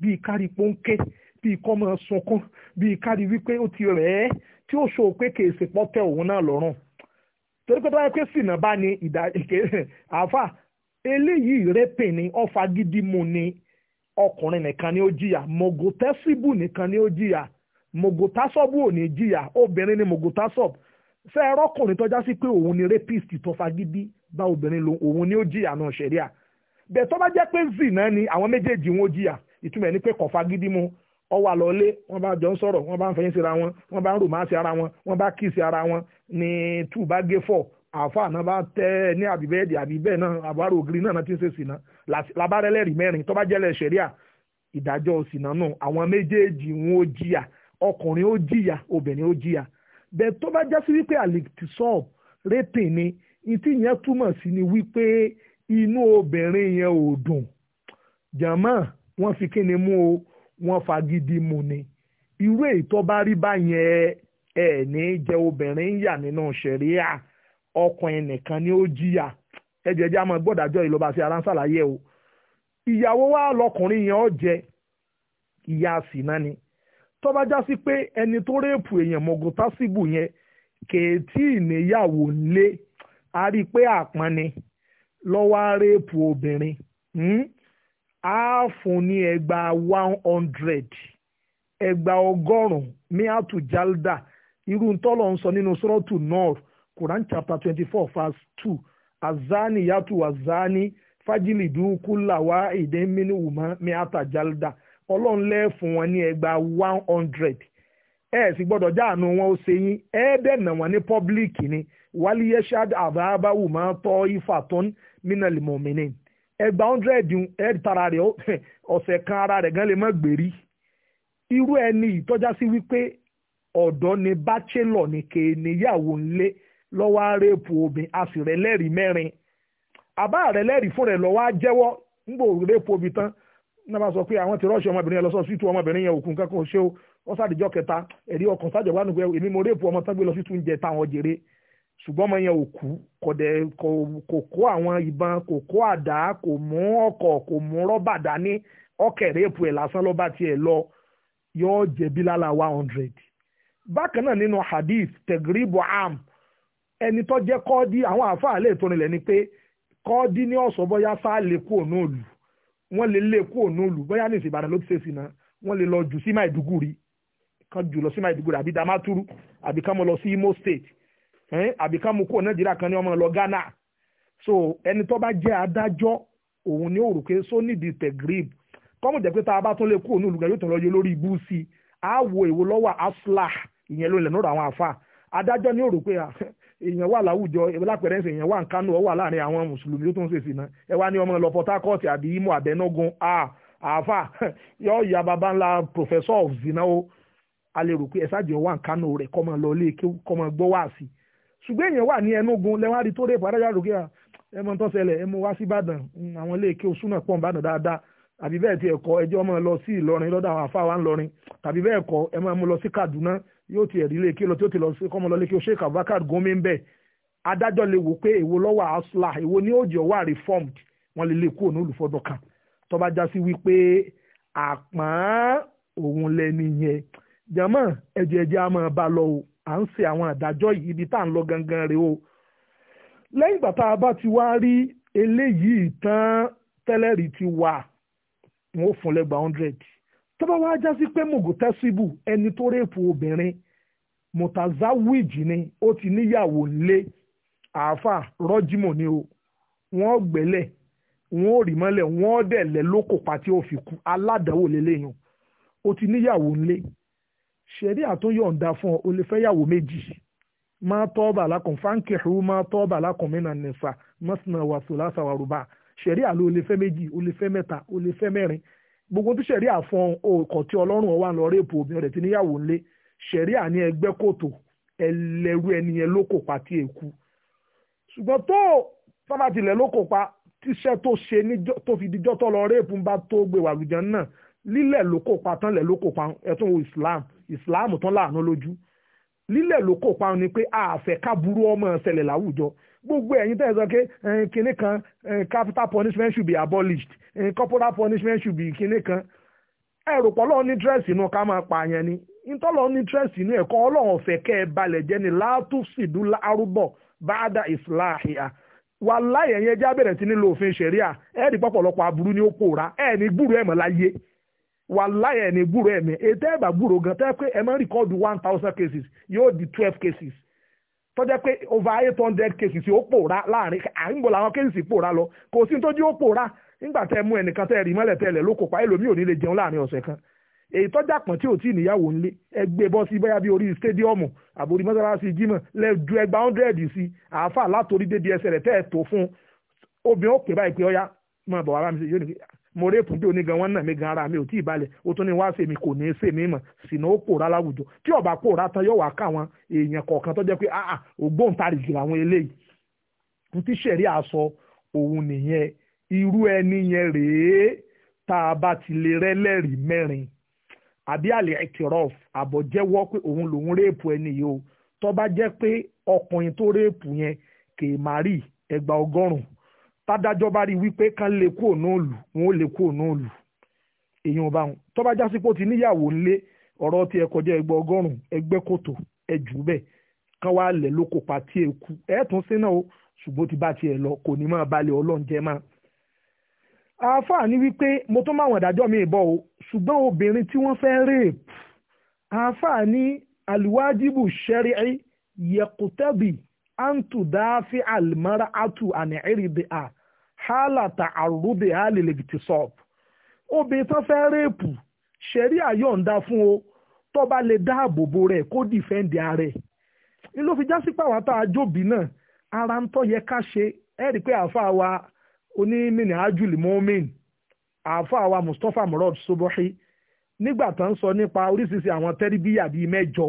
bíi kárí pọ́ńké bíi kọ́ máa sunkún bíi kárí wípé ó ti rẹ̀ ẹ́ tí ó ṣòwò pé kèsì pọ́tẹ́ òun náà lọ́rùn torí pé tó bá yẹ pé sìnà bá ní ìdá àfáà eléyìí rẹ́pè ni ọ̀fà gidi mu ni ọkùnrin nìkan ni ó jìyà mogotẹ́síbù nìkan ni ó jìyà mogotasọ́bù ò ní jìyà obìnrin ni mogotasọ́bù ṣé ẹ rọ́kùnrin tọ́já sí pé òun ni rapist tó fagídí bá obìnrin lò òun ni ó jìyà náà ṣẹ̀ríà bẹ́ẹ̀ tó bá jẹ́ pé zina ni àwọn méjèèjì wọn ó jìyà ìtumọ̀ ẹ̀ ni pé kò fagídí mu ó bá jọ ń sọ̀rọ̀ wọ́n bá ń fẹ̀yìn síra wọn wọ́n bá ń rò máa sí ara wọn wọ́n bá kí sí ara wọn ni two bá gé four àáfà náà bá tẹ́ ẹ ní àbíbẹ́ẹ̀dì àbíbẹ́ẹ̀ náà àbárò ògiri náà ti ń ṣe sìnà labárẹ́lẹ́rìí mẹ́rin tó bá jẹ́lẹ̀ ṣẹ̀ríà ìdájọ́ sìnà náà àwọn méjèèjì wọn ó jìyà ọkùnrin ó jìyà obìnrin ó jìyà bẹ́ẹ̀ tó bá jásí wípé àlìtìsọ́ọ̀ rétìn ni ìtì yẹn túmọ̀ sí ni wípé inú obìnrin yẹn ò dùn jàmọ́ wọ́n fi kí ni mú o wọ́n fagídí mu ni irú èyí tó bá rí báyẹn ẹ̀ ní jẹ obìnrin yà nínú ṣẹ̀ríà ọkàn ẹnìkan ni ó jìyà ẹjẹ ẹjẹ àmọ́ gbọ́dájọ́ ìlọba sí aránsàlàyé o ìyàwó wa lọkùnrin yẹn ó jẹ ìyá ni tó já sí pé ẹni tó réèpù èèyàn mọ̀gòtá síbù yẹn kèétí ìníyàwó ńlé a rí i pé obìnrin hmm? fún ní one hundred ẹgbàá ọgọ́rùn-ún ní irú ń sọ nínú sọ́rọ́tù Quran chapter twenty four verse two azani yatu azani fajili fájìlì dúkúlà wá èdè mínúwùmọ́ mi àtàjálda ọlọ́run lẹ́ẹ̀fún wọn ní ẹgbàá one hundred ẹ sì gbọ́dọ̀ jáàánú wọn ó ṣe yín ẹ dẹ̀nà wọn ní pọ́blíkì ni wálíyẹ́sàd àbábáwù máa tọ́ ifá tó ń mínàlì mọ̀mìnì ẹgbàá hundred ẹ tara rẹ̀ ọ̀sẹ̀ kan ara rẹ̀ gan lè má gbèrí irú ẹni ìtọ́já sí wípé ọ̀dọ́ ni bachelor ni kèé níyàwó ńlẹ́ lọ́wọ́ rẹ́pù obìnrin a sì rẹ̀ lẹ́rìí mẹ́rin àbá rẹ̀ lẹ́rìí fún rẹ̀ lọ́wọ́ jẹ́wọ́ ńgbò rẹ́pù obì tán náà bá sọ pé àwọn ti rọ́ọ̀ṣì ọmọbìnrin yẹn lọ sọ síìtù ọmọbìnrin yẹn òkun kankan ṣé ó sàdéjọ́ kẹta ẹ̀rí ọkàn sàjọba nùgbẹ́ èmi mo rẹ́pù ọmọ tán gbé lọ síìtù oúnjẹ táwọn jèrè ṣùgbọ́n ọmọ yẹn ò kú kò dẹ̀ kò kó àwọn ìbọn kò kó àdá kò mú ọkọ̀ kò mú rọ́bà dání ọkẹ̀ rẹ́pù ẹ̀ lásán lọ́ba tiẹ̀ lọ yóò jẹ̀bi lálá one hundred. bákan náà nínú hadith tegribu am ẹni tó jẹ́ kọ́ọ́dí àwọn àáfàá lè tó rinlẹ̀ ni pé kọ́ọ́dí ní ọ̀sọ̀ bóyá sá lè kú òun òlù wọ́n lè lè kú òun òlù bóyá ní ìsìnbàdàn ló ti ṣe sí náà wọ́n lè lọ jù Maiduguri kan jù lọ Maiduguri àbí Damaturu àbí ká mo Imo State àbí ká mo kú òun Nàìjíríà kan ní ọmọ lọ Ghana so ẹni tó bá jẹ́ adájọ́ òun ní òrùké só nídìí tẹ̀gírìb pé a èèyàn wà láwùjọ lápẹ̀rẹ́ ń sè èèyàn wà ń Kánò ọ wà láàrin àwọn mùsùlùmí tó ń ṣèṣì náà ẹ wá ní ọmọ lọ Port Harcourt àbí Imo àbẹ́nógún àáfà yọ ìyá baba ńlá professor of zina o a lè rò pé ẹ̀sàjì ọwà ń Kánò rẹ̀ kọ́ máa lọ ilé kọ́ máa gbọ́ wá sí ṣùgbọ́n èèyàn wà ní Ẹnúgun lẹ́wọ́n á rí pàdájà rògbé ẹ mọ tó ṣẹlẹ̀ ẹ mọ wá sí Ìbàdàn àwọn ilé ìké osùnà pọ̀ ń dáadáa àbí bẹ́ẹ̀ tí ẹ̀kọ́ ẹjọ́ máa lọ sí Ìlọrin lọ́dọ̀ àwọn afáwa ńlọrin tàbí bẹ́ẹ̀ kọ́ ẹ máa mú lọ sí Kaduna yóò ti ẹ̀rí lè kí lọ tí ó ti lọ sí kọ́mọ lọ lé kí o Sheikh Abubakar Gumi ń adájọ́ lè wò pé èwo lọ́wọ́ asla èwo ni ó wà reformed wọ́n lè lè kúrò ní olùfọdún kan tó bá já sí wípé àpọ́n òun lẹ́ni yẹn jàmọ́ ẹ̀jẹ̀ ẹ̀jẹ̀ a máa bá lọ o à ń ṣe àwọn àdájọ́ yìí ibi tá à ń lọ wọn ò fún lẹ́gbàá hundred tó bá wá já sí pé mùgùtẹ́síbù ẹni tó rèpù obìnrin mùtàzáwìjì ni ó ti níyàwó ńlé àáfà rọ́jímọ̀ ni o wọ́n gbẹ́lẹ̀ wọ́n ò rí mọ́lẹ̀ wọ́n dẹ̀ lẹ́ lóko pàtí òfin kú aládàáwò lélẹ́yìn ó ti níyàwó ńlé ṣẹ̀rí àtúnyọ̀ǹda fún ọ o lè fẹ́ yàwó méjì máa tọ́ ọ̀bà lákùn fáńkì ìhú máa tọ́ ọ̀bà lákùn mí nà nìfà mọ́sánà wàsó lásàwárùbá ṣẹ̀ríà ló lè fẹ́ méjì ó lè fẹ́ mẹ́ta ó lè fẹ́ mẹ́rin gbogbo tí ṣẹ̀ríà fọn ọkàn tí ọlọ́run ọwà lọ rẹ́pù obìnrin rẹ̀ ti níyàwó ńlé ṣẹ̀ríà ní ẹgbẹ́ kòtò ẹlẹ́rú ẹni yẹn lókò pa tí èkú ṣùgbọ́n tó sábà tilẹ̀ lókò pa tíṣẹ́ tó ṣe tó fi dijọ́ tó lọ rẹ́pù ń bá tó gbé wàlùjẹ́ náà lílẹ̀ lókò pa tán lẹ̀ lókò pa ẹ̀tún wo Islam Islam tán láàánú lójú lílẹ̀ lókò pa ni pé àfẹ́ káburú ọmọ ṣẹlẹ̀ láwùjọ gbogbo ẹ̀yin tẹ́ ẹ sọ pé kinní kan capital punishment should be abolished corporal punishment should be kinní kan ẹ̀rù pọ̀ lọ́wọ́ ní interest inú ká máa pa yẹn ni ìtọ́lọ́ ní interest inú ẹ̀kọ́ ọlọ́run ọ̀fẹ́ kẹ́ ẹ balẹ̀ jẹ́ ni látúnṣìdú arúbọ̀ báadà ìsìláàhìá wà láyé yẹn já bẹ̀rẹ̀ sí nílò òfin ṣẹ̀ríà ẹ̀ẹ́dì pọ̀pọ̀lọpọ̀ aburú ni ó pòórá ẹ̀ẹ́ni gbúrú ẹ̀mọ́ láyé wà láyé ẹ̀ẹ́ni gbúrú ẹ̀mí ètò ẹ̀bà gbúrú gan tẹ́ pé ẹ̀mọ́ rìkọ́ọ̀dù one thousand cases yóò di twelve cases tó jẹ́ pé over eight hundred cases ó pòórá láàrin à ń gbọ́ làwọn cases pòórá lọ kò sí tó jí ó pòórá nígbà tẹ́ mú ẹnìkan tẹ́ rí mọ́lẹ̀ tẹ́lẹ̀ ló kópa ẹlòmíì ò ní lè jẹun láàrin ọ̀sẹ̀ kan èyí tọ́jà pọ̀n tí ò tí níyàwó ńlé ẹgbẹ́ bọ́ sí bóyá bí orí stadium àbórí mọ́sálásí jímọ̀ lẹ́ẹ̀dù ẹgbà hundred sí àáfà látòrí débi ẹsẹ̀ rẹ̀ tẹ́ẹ̀ tó fún obìnrin ó pè báyìí pé ọ̀yá máa bọ̀ wá bá mi sí yóò ní mo réèpù jò ní gan wọn nà mí gan ara mi ò tí ì balẹ̀ ó tún ní wá sèmi kò ní í sèmi mọ̀ sìnà ó pòórá láwùjọ tí ọba pòórá tán yóò wá ká àwọn èèyàn kọ̀ọ̀kan tó jẹ́ pé àà ah, ah, ògbóǹtarìgì làwọn eléyìí n tí sẹ̀rí àsọ òun nìyẹn irú ẹni yẹn rèé tá a bá ti lè rẹ́lẹ́rìí mẹ́rin àbí àlè ẹ̀kìrọ̀f àbọ̀jẹ́wọ́ pé òun lòun réèpù ẹni yìí o tó bá jẹ́ pé ọkùnrin tó réèpù yẹn kèémárì ẹgbàá ọgọ́rùn-ún tádájọ́ bá rí wípé kán lè kú òun òlù wọn ò lè kú òun òlù èèyàn bá wọn tó bá jásí pé ó ti níyàwó ńlé ọ̀rọ̀ tí ẹ kọjá ẹgbẹ́ ọgọ́rùn-ún ẹgbẹ́ kòtò ẹ jù bẹ́ẹ̀ wá lẹ̀ lóko pàtí eku ẹ tún sínú o ṣùgbọ́n ti bá tiẹ̀ lọ kò ní máa balẹ̀ ọlọ́njẹ́ máa. àáfàá ni wípé mo tún máwọn ìdájọ́ mi bọ̀ o ṣùgbọ́n obìnrin tí wọ́n fẹ́ rèèpù àáfàá ní aliwajibu ṣẹ́rí yẹkùtẹ́bì àǹtùdáfí àlùmọ́ra àtù àní ìrìbì à hálàtà àrùdè hálìlẹ̀gìtì sọ́ọ̀p obìnrin tán fẹ́ rèèpù ṣẹ̀rí àyọ̀ǹda fún o tó bá lè dáàbò bo rẹ̀ kó dìfẹ́ǹdì ààrẹ ni ló fi já sí pàwọn tá a jóbi náà ara ń tọ́ yẹ ká ṣe ẹ rí i pé àáfàá wa onímìnì ajuli mohamed àáfàá wa mustapha murad sobohi nígbà tó ń sọ nípa oríṣiríṣi àwọn tẹ́ríbíyà bíi mẹ́jọ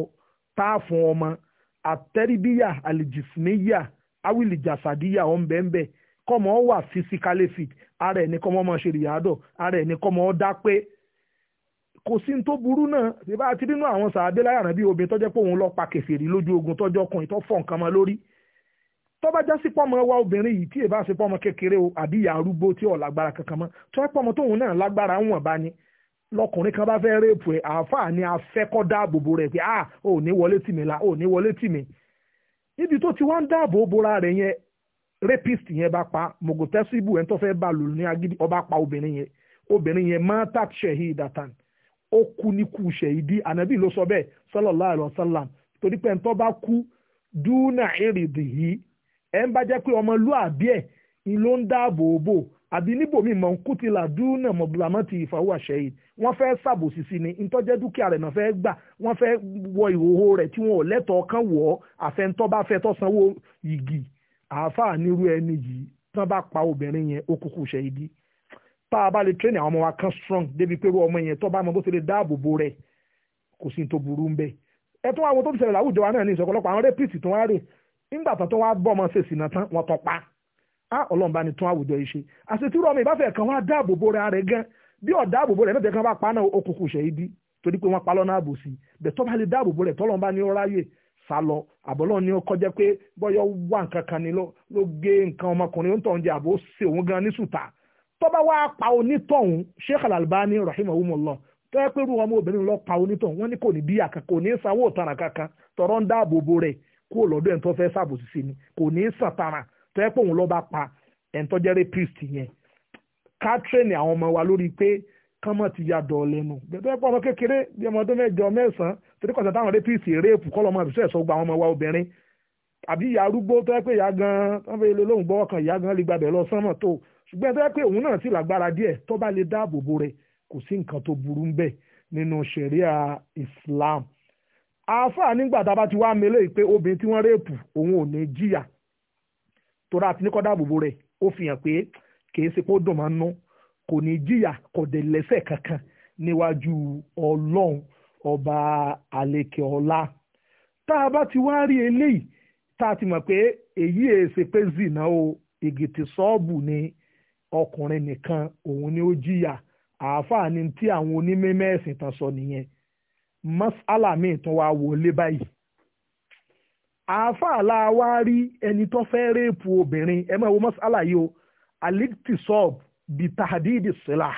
tá a fún ọmọ àtẹ́ríbíyà àlìjìsíníyà awìlìjàsàdíyà ọ̀nbẹ́ńbẹ́ kọ́mọ wà physically fit ara ẹ̀ ní kọ́mọ máa ṣe rìyádọ̀ ara ẹ̀ ní kọ́mọ dá pé kò sí ní tó burú náà ṣe bá ti nínú àwọn sàábé láyàrá bíi obìnrin tọ́jọ́ pé òun lọ pa kẹfìrì lójú ogun tọ́jọ́ kan ìtọ́ fọ̀ nǹkan mọ́ lórí tó bá já sí pọ́mọ wa obìnrin yìí tí èbá ṣe pọ́mọ kékeré o àbí ìyá arúgbó tí ò lágbára kankan mọ́ tó ẹ pọ́mọ tóun náà lágbára ń wọ̀n bá ni lọkùnrin kan bá fẹ́ rèpù ẹ̀ àáfàá ni a fẹ́ kọ́ dáàbòbò rẹ̀ pé a ah, ò ní wọlé tì mí la ò ní wọlé tì mí níbi tó ti wá ń dáàbò bora rẹ̀ yẹn rapist yẹn bá pa mogotesibu ẹni tó fẹ́ bá lòlù ní agídí ọba pa obìnrin yẹn obìnrin yẹn matat shehi datan ó kú ní kú shehidi anabi ló sọ bẹ́ẹ̀ sallallahu alayhi wa sallam torí pé ẹni tó bá kú dúnà èrèdè yìí ẹ̀ ń bá jẹ́ pé ọmọ lu àbí ẹ̀ ń ló ń dáàbò bò àbí níbòmí mọ̀ ń kú ti là dúnà mọ̀bùlámọ́tì ìfàwọ́ àṣẹyìn wọ́n fẹ́ ṣàbòsí sí ni ntọ́jẹ́ dúkìá rẹ̀ náà fẹ́ gbà wọ́n fẹ́ wọ ìhòòhò rẹ̀ tí wọn ò lẹ́tọ̀ọ́ kan wọ̀ ọ́ àfẹ́ntọ́ bá fẹ́ tọ́ sanwó yìgì àáfàá nírú ẹni yìí tán bá pa obìnrin yẹn ó kúkú ṣe ibi tá a bá lè train àwọn ọmọ wa kan strong débi pé ọmọ yẹn tó bá mọ bó ṣe lè dáàbò bo rẹ̀ kò sí tó burú ń bẹ ẹ tún àwọn tó ti ṣẹlẹ̀ láwùjọ wa náà ní ìṣọ̀kọ́lọ́pọ̀ àwọn rẹ́pìtì tó wá rè nígbà tó wá bọ́ ọmọ ṣèṣì náà tán wọ́n tọ́ pa á ọlọ́run bá ní tún àwùjọ yìí ṣe àṣetúrò ọmọ ìbáfẹ́ kan wá dáàbò bo rẹ̀ gan bí ọ̀dà dáàbò bo rẹ̀ sá lọ àbọ̀lọ́ ni ó kọjá pé bọ́yọ̀ wà nǹkan kan ni ló gé nǹkan ọmọkùnrin ń tọ̀hún jẹ àbò ṣe òun gan ní sùtà tọ́ba wá pa onítọ̀hún Sheikh Al-Albani rahimahumullah tọ́yẹ́ pé irú ọmọ obìnrin lọ pa onítọ̀hún wọ́n ní kò ní díyà kankan kò ní sanwó òtara kankan tọ̀rọ̀ ń dáàbò bo rẹ̀ kúrò lọ́dọ̀ ẹ̀ tó fẹ́ ṣàbòsí sí ni kò ní sàtara tọ́yẹ́ pé òun lọ́ba pa ẹ̀ tó jẹ́rẹ́ priest yẹn ká àwọn ọmọ wa lórí pé kán ti ya dọ̀ọ́ lẹ́nu bẹ́ẹ̀ pọ̀ ọmọ kékeré bí ọmọ mẹ́jọ mẹ́sàn-án torí kọ̀sẹ̀ táwọn re rẹ́ẹ̀pù kọ́lọ́mọ àbíṣẹ́ ẹ̀sọ́ gba àwọn ọmọ wa obìnrin àbí ìyá arúgbó tó yẹ pé ìyá gan tó fẹ́ lé lóhùn gbọ́wọ́ kan ìyá gan lè gbàbẹ̀ lọ sánmọ̀ tó ṣùgbọ́n tó yẹ pé òun náà sì lágbára díẹ̀ tó bá lè dáàbò bo rẹ̀ kò sí nǹkan tó burú ń nínú Islam àáfàá nígbà ti wá pé obìnrin tí wọ́n rẹ́ẹ̀pù òun ò ní jìyà àti dáàbò bo rẹ̀ ó fi hàn pé kì í ṣe pé kankan níwájú Ọlọ́run ọba àlekè ọlá tá a bá ti wá rí eléyìí tá a ti mọ̀ pé èyí èsè pé zina o ègètè sọ́ọ̀bù ni ọkùnrin nìkan òun ni ó jìyà àáfàá ni tí àwọn onímọ̀ tán sọ nìyẹn masala míì tán wá wọlé báyìí àáfàá la wá rí ẹni tó fẹ́ réèpù obìnrin ẹ máa wo masala yìí o alikti sọ́ọ̀bù bíi tahadidi silah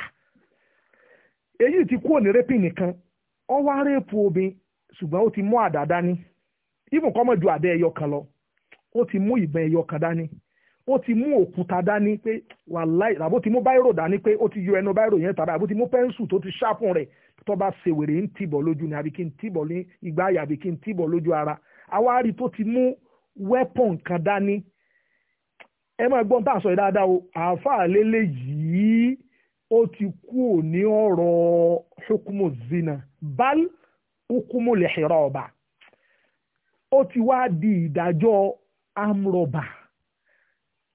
èyí ti kú òní rẹ́pì nìkan ọ wá rèpù obìnrin ṣùgbọ́n ó ti mú àdá dání ibùn kọ́ mọ̀ ju àdá ẹyọ kan lọ ó ti mú ìbọn ẹyọ kan dání ó ti mú òkúta dání pé wàláì àbó ti mú báírò dání pé ó ti yọ ẹnu báírò yẹn tàbí àbó ti mú pẹ́ńsù tó ti ṣáàpùn rẹ̀ tó bá ṣe wèrè ń tìbọ̀ lójú ni àbí kí n tìbọ̀ ní ìgbà àyà àbí kí n tìbọ̀ lójú ara àwárí tó ti mú wẹ́pọ̀n kan dání ẹ máa gbọ́n tá à sọ yìí dáadáa o àáfàá lélẹ́yìí ó ti kú ò ní ọ̀rọ̀ zina bal hukumu ọba ó ti wá di ìdájọ́ amrọ̀bà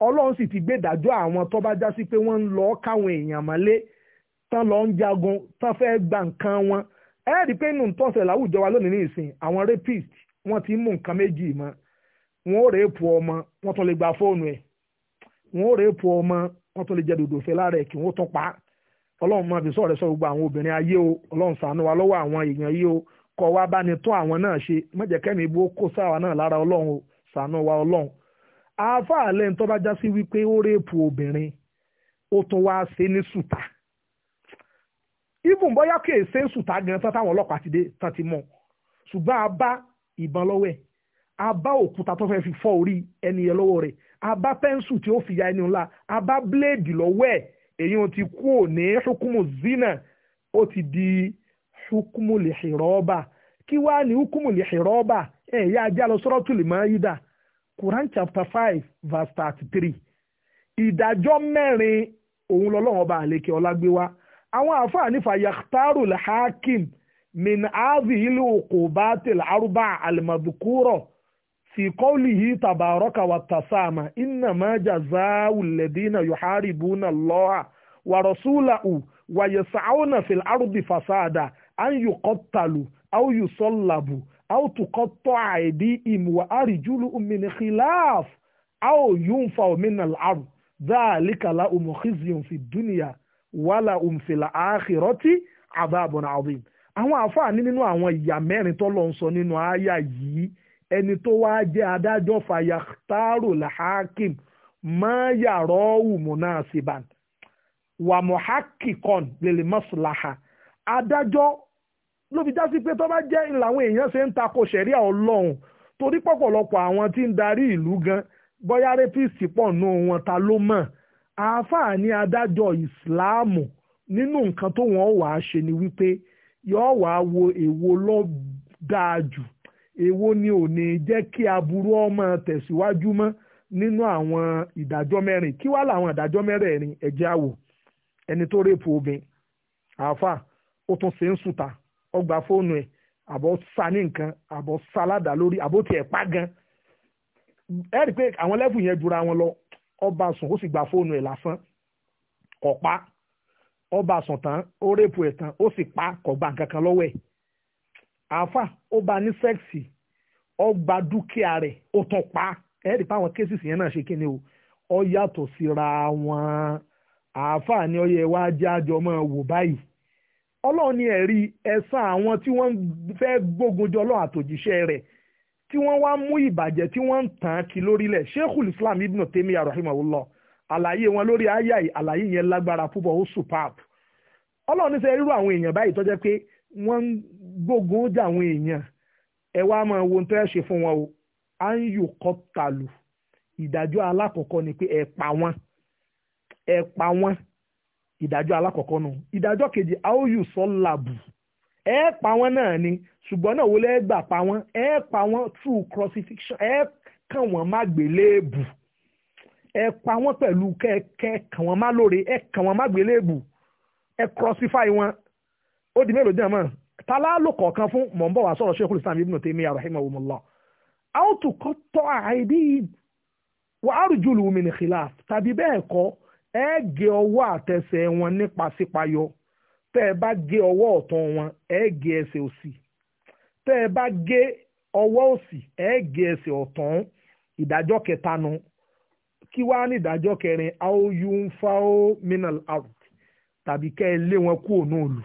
ọlọ́run sì ti gbé ìdájọ́ àwọn tó bá já sí pé wọ́n ń lọ káwọn èèyàn mọ́lé tán lọ ń jagun tán fẹ́ gba nǹkan wọn ẹ rí i pé inú láwùjọ wa rapist wọ́n ti mú nǹkan méjì mọ́ wọn ò ọmọ wọn lè gba fóònù wọn ò ọmọ wọn ọlọ́run máa fi sọ̀rọ̀ sọ gbogbo àwọn obìnrin ayé o ọlọ́run ṣàánú wa lọ́wọ́ àwọn èèyàn yìí o kọ́ wa bá ní tún àwọn náà ṣe mọ̀jẹ̀kẹ́mi ibú kó sáwa náà lára ọlọ́run o ṣàánú wa ọlọ́run àáfàá lẹ́yìn tó bá já sí wípé ó rèépù obìnrin ó tún wá ṣe ní sùtà even bóyá kò ṣe ń sùtà gan tán táwọn ọlọ́pàá ti dé tán ti mọ̀ ṣùgbọ́n a bá ìbọn lọ́wọ́ ẹ̀ a bá òkúta tó fẹ́ fi fọ́ orí ẹni lọ́wọ́ rẹ̀ a bá pẹ́ńsù tí ó fi ya ẹni ńlá a bá bléèdì lọ́wọ́ ẹ̀ èyí ò ti kú ò ní hukumu zina ó ti di hukumu lihirọ́ba kí wá ní hukumu lihirọ́ba ẹ̀ yá ajá lọ suratul maida Quran chapter five verse thirty three ìdájọ́ mẹ́rin òun lọ́lọ́run ọba àlekè ọlágbéwá àwọn àfààní fàyàtàrù lhakim min azi ilu okubatil arba alimadukuro fi qawlihi tabaraka wa tasama innama jazaa'u alladhina yuharibuna allaha wa rasulahu wa yas'auna fil ardi fasada an yuqattalu aw yusallabu aw tuqatta'a aydihim wa arjuluhum min khilaf aw yunfaw min al-ard dhalika lahum khizyun fid dunya wa lahum fil akhirati adhabun adhim àwọn àfáàní nínú àwọn ìyà mẹ́rin tó lọ ń sọ nínú àyà yìí ẹni tó wáá jẹ́ adájọ́ fayaktaru lahakim mayarọ́wù munasiban wàmùhákìkọ́n lèlè mọ́sùláhà adájọ́ ló fi já sí pé tó bá jẹ́ ìlàwọn èèyàn ṣe ń takò ṣẹ̀ríà ọlọ́run torí pọ̀pọ̀lọpọ̀ àwọn tí ń darí ìlú gan bóyá rẹ́pìsì pọ̀ nù wọn ta ló mọ̀ àáfàá ní adájọ́ ìsìláàmù nínú nǹkan tó wọ́n wàá ṣe ni wípé yóò wàá wo èwo ló dáa jù Ewo ni ò ní jẹ́ kí aburú ọmọ tẹ̀síwájú mọ́ nínú àwọn ìdájọ́ mẹ́rin kí wá làwọn ìdájọ́ mẹ́rẹ̀ẹ̀rin ẹ̀jẹ̀ àwò ẹni tó rèpò obìnrin àáfà ó tún ṣe ń sùtà ọgbà fóònù ẹ̀ àbọ̀ sa ní nǹkan àbọ̀ sa ládàá lórí àbọ̀ tiẹ̀ pa gan ẹ rí i pé àwọn lẹ́fù yẹn jura wọn lọ ọba sùn ó sì gba fóònù ẹ̀ lásán kọ̀ pa ọba sùn tán ó rèpò ẹ̀ tán ó sì pa kọ̀ gba nǹkan lọ́wọ́ ẹ̀ àáfà ó bá ní sẹ́ẹ̀sì ó gba dúkìá rẹ̀ ó tán pa ẹ̀ẹ́dì pa àwọn kéésìsì yẹn náà ṣe kí ni o ó yàtọ̀ síra wọn àáfà ni ó yẹ wá jẹ́ àjọ máa wò báyìí ọlọ́run ni ẹ̀rí ẹ̀san àwọn tí wọ́n fẹ́ gbógun jọ ọlọ́run àtòjíṣẹ́ rẹ̀ tí wọ́n wá mú ìbàjẹ́ tí wọ́n ń tàn kí lórílẹ̀ sheikhul islam ibn taymiyyah rahimahullah àlàyé wọn lórí àyà àlàyé yẹn lágbára púpọ̀ ó superb ọlọ́run ní sẹ́ irú àwọn èèyàn báyìí tó jẹ́ pé wọ́n ń gbógun jà àwọn èèyàn ẹ wá máa wo tó ẹ ṣe fún wọn o à ń yò kọ́ tàlù ìdájọ́ alákọ̀ọ́kọ́ ni pé ẹ pa wọ́n ẹ pa wọ́n ìdájọ́ alákọ̀ọ́kọ́ nù ìdájọ́ kejì a ó yù sọ làbù ẹ pa wọ́n náà ni ṣùgbọ́n náà wo lẹ́ gbà pa wọ́n ẹ pa wọ́n through crucifixion ẹ kàn wọ́n má gbélébù ẹ pa wọ́n pẹ̀lú kẹ́kẹ́ kàn wọ́n má lóore ẹ kàn wọ́n má gbélébù ẹ crucify wọn ó di mélòó jẹ́mọ́ tálá ló kọ̀ọ̀kan fún mọ̀ ń bọ̀ wá sọ̀rọ̀ Sheikhul Islam Ibn Taymiyyah rahimahumullah àwọn tó kọ́ tọ́ àìdí wà á rújú lu min khilaf tàbí bẹ́ẹ̀ kọ́ ẹ gé ọwọ́ àtẹsẹ̀ wọn nípa sípayọ tẹ́ ẹ bá gé ọwọ́ ọ̀tún wọn ẹ gé ẹsẹ̀ òsì tẹ́ ẹ bá gé ọwọ́ òsì ẹ gé ẹsẹ̀ ọ̀tún ìdájọ́ kẹta nu kí wàá ní ìdájọ́ kẹrin aoyunfao minal ard tàbí kẹ́ ẹ lé wọn kúrò náà lù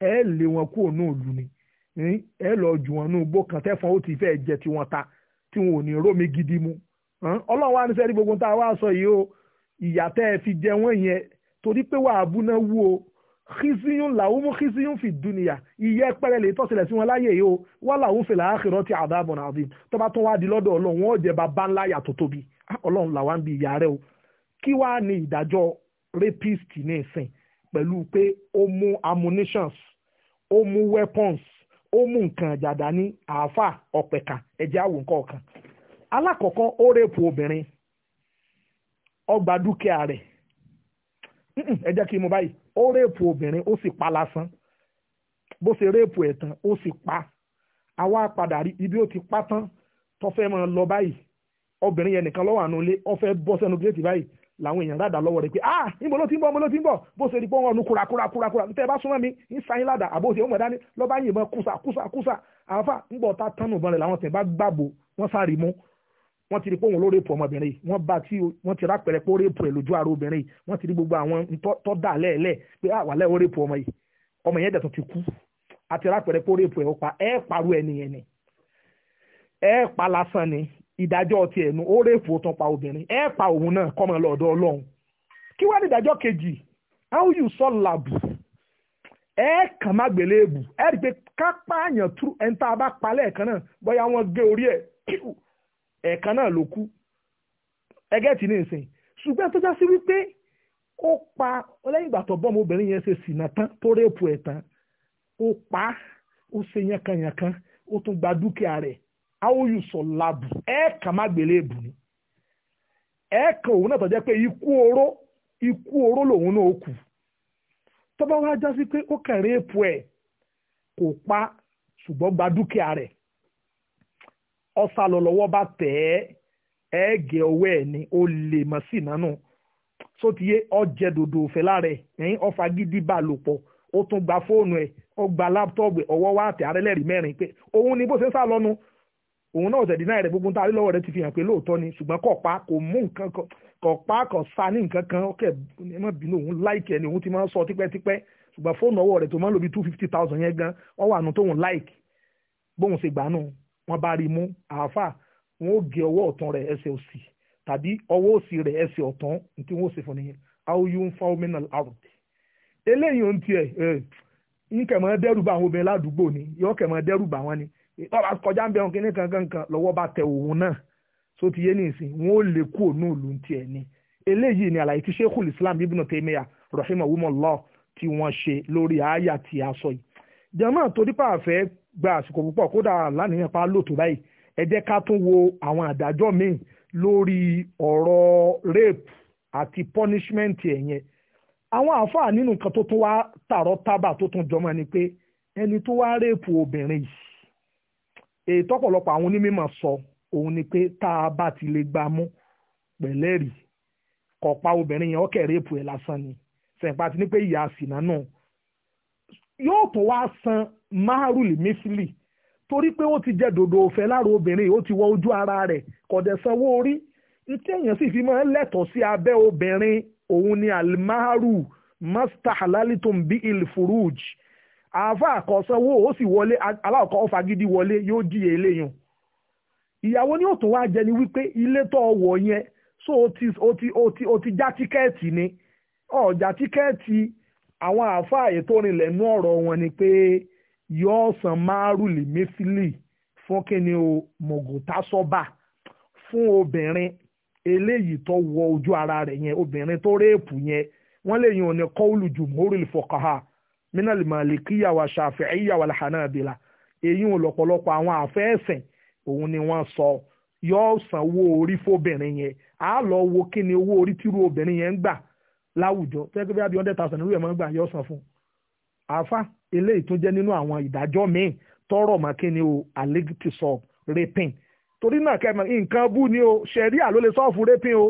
ẹ lé wọn kúrò náà lù ní ẹ lọ jù wọn ní igbó kan tẹ́fọn ó ti fẹ́ jẹ tí wọ́n ta tí wọn ò ní rómi gidi mu ọlọ́run wa ní sẹ́ni gbogbo tá a wá sọ yìí o ìyà tẹ́ ẹ fi jẹ wọ́n yẹn torí pé wàá búná wú o xisiyun làwọn mú xisiyun fi dúnìyà ìyẹ́ pẹ́rẹ́ lè tọ́sílẹ̀ sí wọn láyé yìí o wà láwọn fèlè àkìrọ̀ ti àdáàbọ̀n àdìm tó bá tún wá di lọ́dọ̀ ọlọ́run wọn ò bàbá ńlá yàtọ̀ tóbi ah, ọlọ́run làwọn bí ìyá rẹ o kí wàá ní ìdájọ́ rapist ní ìsìn pẹ̀lú pé ó mú ammunitions ó mú weapons ó mú nǹkan ìjàdá ní àáfà ọ̀pẹ̀ka ẹ̀jẹ̀ àwò nǹkan ọ̀kan alákọ̀ọ́kọ́ ó rèpù obìnrin ọgbà dúkìá rẹ̀ ẹ jẹ́ kí n mú báyìí ó rèpù obìnrin ó sì pa lásán bó ṣe rèpù ẹ̀ tán ó sì pa àwa padà rí ibi ó ti pa tán tó fẹ́ máa lọ báyìí obìnrin yẹn nìkan ló wà nínú ilé ó fẹ́ bọ́ sẹ́nu gírètì báyìí làwọn èèyàn rádà lọ́wọ́ rẹ̀ pé ah níbo ló ti ń bọ̀ ọmọ ló ti ń bọ̀ bó ṣe rí pé wọ́n nu kúrakúrakúrakúra tẹ́ ẹ bá súnmọ́ mi ń sa yín ládàá àbó ṣe ń wọ̀ dání lọ́ba yìnbọn kúsà kúsà kúsà àáfà ń bọ̀ ta tánù bọ́n rẹ̀ làwọn tẹ̀ bá gbàgbó wọ́n sáré mú wọ́n ti rí pé òun ló rèpù ọmọbìnrin yìí wọ́n bá tí wọ́n ti rápẹ̀rẹ̀ pé ó rèpù ẹ̀ lójú ara obìnrin ah, ni ẹ̀ pa ìdájọ́ ti ẹ̀nu ó rèéfò tán pa obìnrin ẹ pa òun náà kọ́mọ lọ́dọ̀ ọlọ́run kí wá ní ìdájọ́ kejì how you sọ làbù ẹ kàn má gbélé ebù ẹ rí i pé ká pààyàn tú ẹni tá a bá pa lẹ́ẹ̀kan náà bóyá wọ́n gé orí ẹ̀ ẹ̀ẹ̀kan náà ló kú ẹgẹ́ tì ní ìsìn ṣùgbọ́n tó já sí wípé ó pa lẹ́yìn ìgbà tó bọ́ọ̀mù obìnrin yẹn ṣe sìnà tán tó rèéfò ẹ̀ tán ó pa ó ṣe yankanyankan ó tún gba dúkìá rẹ̀ aoyu sọ labu ẹ kà ni ẹ òun náà tọ́jẹ́ pé ikú oró ikú oró lòun náà kù tọ́ba wa já sí pé ó kò pa ṣùgbọ́n gba dúkìá rẹ̀ ọ̀sà lọ́lọ́wọ́ bá tẹ̀ ẹ́ ẹ́ ọwọ́ ẹ̀ ni ó lè mọ̀ sí nánú tó ti yé ọjẹ́ dòdò òfẹ́ lára ẹ̀ ẹ̀yìn gidi bá gba fóònù e ó gba láptọ́ọ̀bù ọwọ́ wa tẹ̀ arẹ́lẹ́rìí mẹ́rin pé òun náà ọ̀sẹ̀ dínà rẹ̀ gbogbo ntaari lọ́wọ́ rẹ̀ ti fi hàn pé lóòótọ́ ni ṣùgbọ́n kò pa kò mú nǹkan kò pa kò sa ní nǹkan kan ọkẹ́ ẹ má bínú òun láìkì ti máa ń sọ tipẹ́tipẹ́ ṣùgbọ́n fóònù ọwọ́ rẹ̀ tó máa ń two fifty thousand yẹn gan ọwọ́ àánú tóun láìkì bóun ṣe gbàánú wọn bá rí mú àáfà wọn ó gé ọwọ́ ọ̀tún rẹ̀ ẹsẹ̀ òsì tàbí ọwọ́ òsì rẹ̀ ẹsẹ̀ tọ́ba kọjá ń bẹ òun kíní kankan kan lọ́wọ́ bá tẹ òun náà tó ti yé ní wọn ò lè kú òun òlu ti ẹ̀ ni eléyìí ni àlàyé tí sheikhul islam ibn taymiya rahimahumullah tí wọ́n ṣe lórí àáyà tí a sọ yìí jàmáà torí pa àfẹ́ gba àsìkò púpọ̀ kódà lánìyàn pa lòtò báyìí ẹ jẹ́ ká tún wo àwọn àdájọ́ míì lórí ọ̀rọ̀ rape àti punishment ẹ̀yẹn àwọn àáfàá nínú nǹkan tó tún wá tààrọ́ tábà tó tún jọmọ́ ni pé ẹni tó wá rape obìnrin yìí èyí tọ́pọ̀lọpọ̀ àwọn onímọ̀ sọ òun ni pé tá a bá ti lè gbá mú pẹ̀lẹ́rì kọ̀pá obìnrin yẹn ọ̀kẹ́ rèépù ẹ̀ lásán ni sẹ̀ǹpá ti ní pé ìyá àsìnà náà yóò tún wá san márùlì mísílì torí pé ó ti jẹ́ dòdò òfẹ́ lára obìnrin ó ti wọ ojú ara rẹ̀ kọ̀dẹ̀ sanwó orí ntí èèyàn sì fi máa ń lẹ́tọ̀ọ́ sí abẹ́ obìnrin òun ni alimaharu master halalitum bi il furuj àáfà àkọsánwó ó sì wọlé aláàkọ́ ó fagídí wọlé yóò jìyà eléyàn ìyàwó ni ó tún wá jẹ ni wípé ilé tó wọ̀ yẹn so o ti o ti o ti o ti já tíkẹ́ẹ̀tì ni ọ̀já tíkẹ́ẹ̀tì àwọn àáfàá ètò ìrìnlẹ̀ nú ọ̀rọ̀ wọn ni pé yóò san márùlì mẹ́fìlì fún kíni o mọ̀gòtásọ́bà fún obìnrin eléyìí tó wọ ojú ara rẹ̀ yẹn obìnrin tó réèpù yẹn wọ́n lè yan ọ̀nà kọ́ọ̀lù jùmọ̀ọ́rì fọkàhà Minali malikiya wa shafi'iya wa hanabila èyí ò lọ́pọ̀lọpọ̀ àwọn àfẹ́ẹ̀sìn òun ni wọ́n sọ yóò sanwó orí fóbìnrin yẹn á lọ wo kí ni owó orí tírú obìnrin yẹn ń gbà láwùjọ tẹ́gbẹ́ bí i hundred thousand irú ẹ̀ máa ń gbà yóò san fún un àáfà eléyìí tún jẹ́ nínú àwọn ìdájọ́ míì tọrọ mọ́ kí ni o alegiti sub rapin torí náà kẹ́mọ̀ nǹkan bú ni o ṣẹ̀ríà ló lè sọ́ọ̀fù rapin o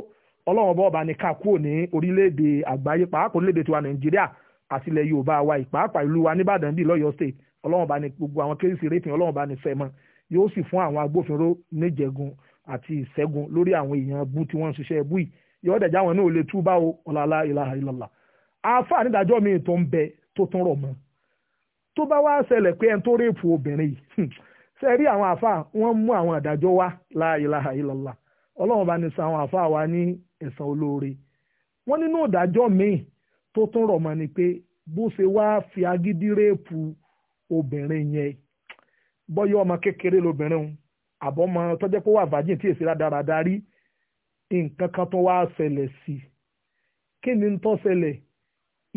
ọlọ́run ọba ọba ni ká kúrò ní orílẹ̀-èdè àgbáyé pàápàá orílẹ̀-èdè tiwa nàìjíríà àti ilẹ̀ yorùbá wa ìpàápàá ìlú wa nìbàdàn bíi lọ́yọ̀ state ọlọ́run bá ní gbogbo àwọn kéésì rétìn ọlọ́run bá ní fẹ́mọ́ yóò sì fún àwọn agbófinró níjẹ̀gun àti ìṣẹ́gun lórí àwọn èèyàn bú tí wọ́n ń ṣiṣẹ́ bú yìí yóò dẹ̀ jáwọn náà lè tú bá o ọ̀làlá ìlàhà ìlàlà àáfàá nídàájọ́ mi tó ń bẹ tó tún rọ̀ mọ́ tó bá wá ṣẹlẹ̀ pé ẹni tó réèpù obìnrin yìí hmm, ṣe rí àwọn àáfàá wọ́n mú àwọn àdájọ́ wá láìláhà ìlàlà ọlọ́run bá ní san àwọn àáfàá wa ní ẹ̀san olóore wọ́n nínú ìdájọ́ míì tó tún rọ̀ mọ́ ni pé bó ṣe wá fi agídí réèpù obìnrin yẹn bọ́yọ́ ọmọ kékeré lobìnrin òun àbọ̀ ọmọ tọ́jẹ́ pé wà virgin tí èsì rádaràda rí nǹkan kan tó wá ṣẹlẹ̀ sí i kí ni tó ṣẹlẹ̀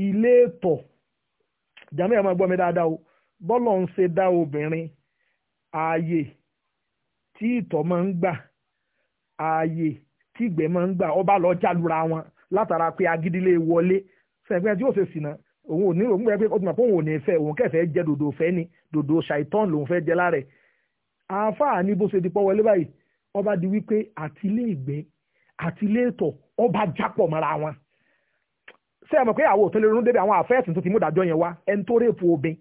ilé ètò jàmí ẹ̀ máa gbọ́ mi dáadáa o bọ́lọ̀ ń ṣe dá obìnrin ààyè tí ìtọ̀ máa ń gbà ààyè tí ìgbẹ́ máa ń gbà ọba lọ́ọ́ jálura wọn látara pé agídílé wọlé sẹ̀gbẹ́ tí yóò ṣe sìnà òun ò ní òun gbẹ pé ó ti mọ̀ pé òun ò ní fẹ́ òun kẹfẹ́ jẹ́ dòdò fẹ́ ni dòdò ṣàìtàn lòun fẹ́ jẹ́ lára ẹ̀ àáfàá ni bó ṣe di pọ́ wọlé báyìí ọba di wípé àtìlé ìgbẹ́ àtìlé ìtọ̀ ọba jápọ̀ mọ́ra wọn ṣé ẹ mọ̀ pé àwọn òtún lè ronú débi àwọn àfẹ́sìn tó ti mú ìdájọ́ yẹn wá ẹni tó rèpù obìn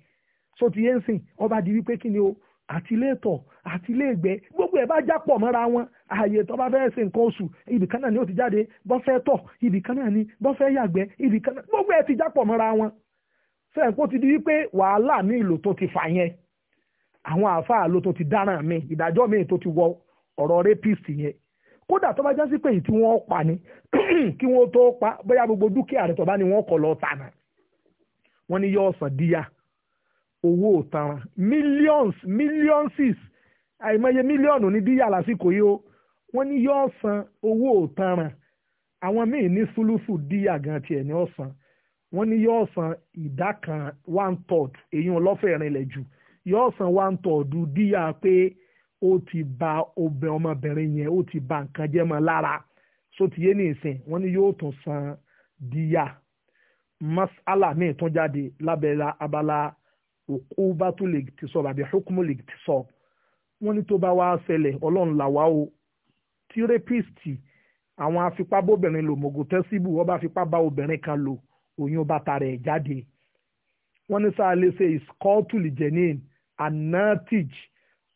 so ti yé ń sìn ọba di wípé kí ni o àti iléetọ̀ àti iléègbé gbogbo ẹ̀ bá já pọ̀ mọ́ra wọn ààyè tó bá fẹ́ ṣe nǹkan oṣù ibìkan náà ni ó ti jáde bó fẹ́ tọ̀ ibìkan náà ni bó fẹ́ yàgbẹ́ ibìkan náà gbogbo ẹ̀ ti já pọ̀ mọ́ra wọn fẹ́ẹ̀ kó ti di wípé wàhálà ní ìlò tó ti fà yẹn àwọn àáfàá ló tó ti dáràn mi ìdájọ́ mi tó ti wọ ọ̀rọ̀ rapist yẹn kódà tó bá já sí pé èyí tí wọ́n pa ni kí wọ́n tó pa bóyá gbogbo dúkìá rẹ̀ tó bá ní wọ́n kọ̀ lọ́ọ́ tànà wọ́n ní yọ ọ̀sán díyà owó òtaràn millions millions àìmọye mílíọ̀nù ní díyà lásìkò yìí o wọ́n ní yóò san owó òtaràn àwọn míì ní sùlùfù díyà gan tiẹ̀ ní ọ̀sán wọ́n ní yóò san ìdá kan one third èyí wọn lọ́fẹ̀ẹ́ rinlẹ̀ jù yóò san one third díyà pé ó ti ba obìnrin ọmọbìnrin yẹn ó ti ba nǹkan jẹ́ mọ́ lára sótìyé ní ìsìn wọ́n ní yóò tún san díyà masala míì tún jáde lábẹ́ abala òkú bá tó lè ti sọ àbí hukumu lè ti sọ wọ́n ní tó bá wá ṣẹlẹ̀ ọlọ́run là wá o tí rẹ́pìstì àwọn afipábóbìnrin lò mọ̀gò tẹ́síbù wọ́n bá fipá bá obìnrin kan lò oyún bá tara ẹ̀ jáde wọ́n ní sáà lè ṣe ìskọ́tùlì jẹ̀nín anatij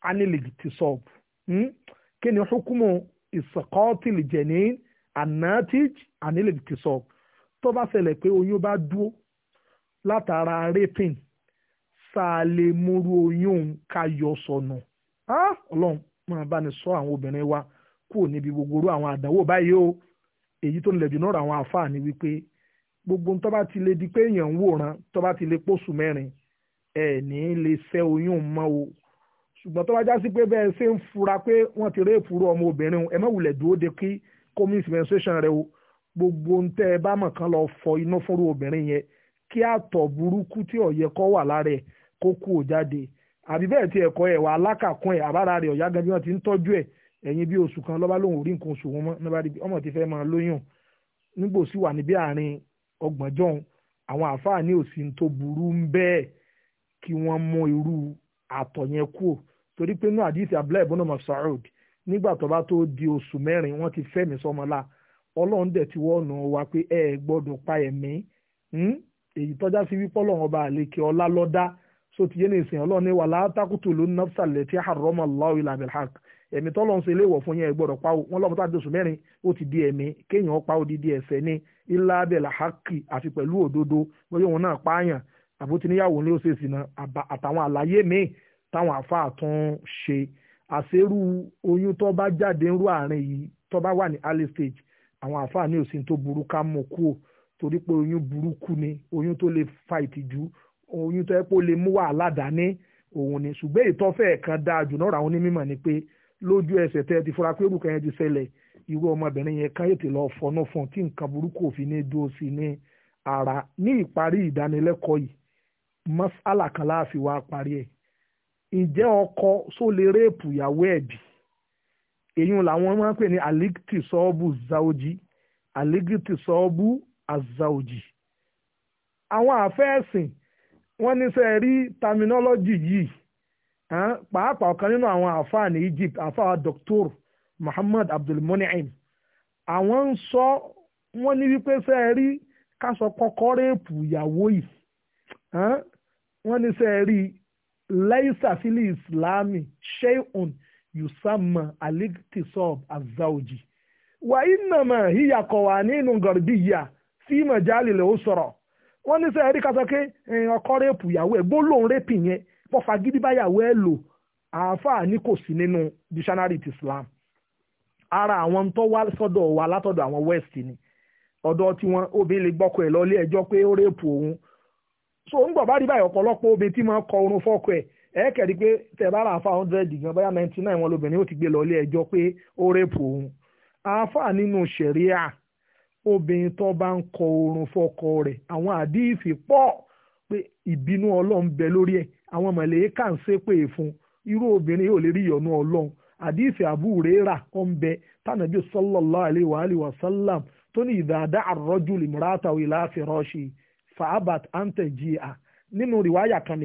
aniligi ti sọ hmm? kí ni hukumu ìskọ́tùlì jẹ̀nín anatij aniligi ti sọ tó bá ṣẹlẹ̀ pé oyún bá dúró látara rapin sáà lè múrú oyún òun ká yọ sọnù ọlọ́run máa bá ní sọ àwọn obìnrin wa kúrò níbi gbogbo orú àwọn àdánwò báyìí o èyí tó ń lẹ̀jù náà àwọn àáfàá ni wípé gbogbo tó bá ti lè di pé èèyàn ń wòran tó bá ti lè pósù mẹ́rin ẹ̀ ní lè fẹ́ oyún mọ́ o ṣùgbọ́n tó bá já sí pé bẹ́ẹ̀ ṣe ń fura pé wọ́n ti ré ìfúrú ọmọ obìnrin ẹ má wulẹ̀ dúró de kí commons menstruation rẹ o gbogbo ń tẹ́ ẹ bá mọ̀ kán lọ fọ iná fúnrú obìnrin yẹn kí àtọ̀ burúkú tí ó wà lára ẹ̀ kó kú ò jáde àbí bẹ́ẹ̀ tí ẹ̀kọ́ ẹ̀ wà alákàkún ẹ̀ àbára rẹ̀ ọ̀yá gan bí wọ́n ti ń tọ́jú ẹ̀ ẹ̀yìn bí oṣù kan lọ́ba lóhùn orí nǹkan oṣù wọn mọ́ nígbà tí ọmọ ti fẹ́ máa lóyún nígbò sí wà níbi àárín ọgbọ̀njọ́ àwọn àáfàá ní òsì tó burú ń bẹ́ẹ̀ kí wọ́n mú irú àtọ̀ yẹn kúrò torí pé inú àdìsí abdullahi ibn Mas'ud nígbà tó so ti yé ní ìsìn ọlọ́run ní wà látàkùtù ló ná sàlẹ̀ tí àrọ́mọ lọ́wọ́ ìlà bilhaq ẹ̀mí tọ́lọ́ ń ṣe ilé ìwọ̀ fún yẹn gbọ́dọ̀ pa wọn lọ́mọ tá a dosùn mẹ́rin ó ti di ẹ̀mí kéèyàn pa ó di di ẹ̀ṣẹ̀ ní ilá abẹ́là hákì àfi pẹ̀lú òdodo bóyá òun náà pààyàn àbótiníyàwó ní oṣù ìsìn àtàwọn àlàyé míì táwọn àfa àtún ṣe àṣerú oyún tó bá jáde ń rú àárín yìí tó bá wà ní early stage àwọn àfa ní òsì tó burú ká mọ̀ kúò torí pé oyún burúkú ni oyún tó lè fa ìtìjú oyún tó yẹ kó lè mú wàhálà dání òun ni ṣùgbọ́n ìtọ́fẹ́ kan dáa jù náà ràwọn onímọ̀ ni pé lójú ẹsẹ̀ tẹ́ ti fura pé orúkọ yẹn ti ṣẹlẹ̀ irú ọmọbìnrin yẹn ká ètè lọ́ọ́ fọnú fún tí nǹkan burúkú òfin ní dúró sí ní ara ní ìparí ìdánilẹ́kọ̀ọ́ yìí mọ́sálà kan láàfin wá parí ẹ̀ ǹjẹ́ ọkọ só lè réèpù ìyàwó ẹ̀ bì èyí làwọn máa ń pè ní alikti sọ́ọ́bù zaoji alikti sọ́ọ́bù azaoji àwọn àfẹ́ẹ̀sìn wọ́n ní sẹ́ rí terminology yìí pàápàá ọ̀kan nínú àwọn àfáà ní Egypt àfáà Dr. Muhammad Abdulmunim àwọn ń sọ wọ́n ní wípé sẹ́ rí kásọ kọ́kọ́ rẹ́ẹ̀pù ìyàwó yìí wọ́n ní sẹ́ rí laisa fili islami shayun yusamma aliktisob azawji wa innama hiya qawaninun garbiyya fi majalil usra wọ́n ní sẹ́yìn ẹ̀ríkà sọ pé eh, ọkọ rẹ́pù ìyàwó ẹ̀ gbólóhùn rẹ́pì yẹn pọ́fà gidi báyàwó ẹ̀ lò àáfàá ní kò sí nínú dictionary ti Islam ara àwọn tó wá sọ́dọ̀ wa látọ̀dọ̀ àwọn West ni ọ̀dọ̀ tí wọ́n obìnrin lè gbọ́kọ ẹ̀ lọ́lé ẹjọ́ pé ó rẹ́pù òun so ń gbọ̀ bá rí báyìí ọ̀pọ̀lọpọ̀ obìnrin tí máa ń kọ orun fọ́kọ ẹ̀ ẹ kẹ̀rí pé tẹ̀bá àfa hundred gan bóyá ninety nine wọn lobìnrin ó ti gbé lọ́lé ẹjọ́ pé ó rẹ́pù òun àáfàá nínú ṣẹ̀ríà obìnrin tó bá ń kọ oorun fọkọ rẹ̀ àwọn àdíìsì pọ̀ pé ìbínú ọlọ́run bẹ lórí ẹ̀ àwọn mọ̀lẹ́kà ń ṣépè fún irú obìnrin yóò lè rí ìyọ̀nú ọlọ́run àdíìsì bẹ tànàbí sallallahu alaihi wa alihi tó ní ìdàdá àrọ́jú lèmúrátà ìlà àfẹ́rọ́ṣì fàábàt àǹtẹ̀jìà nínú rìwáyà kan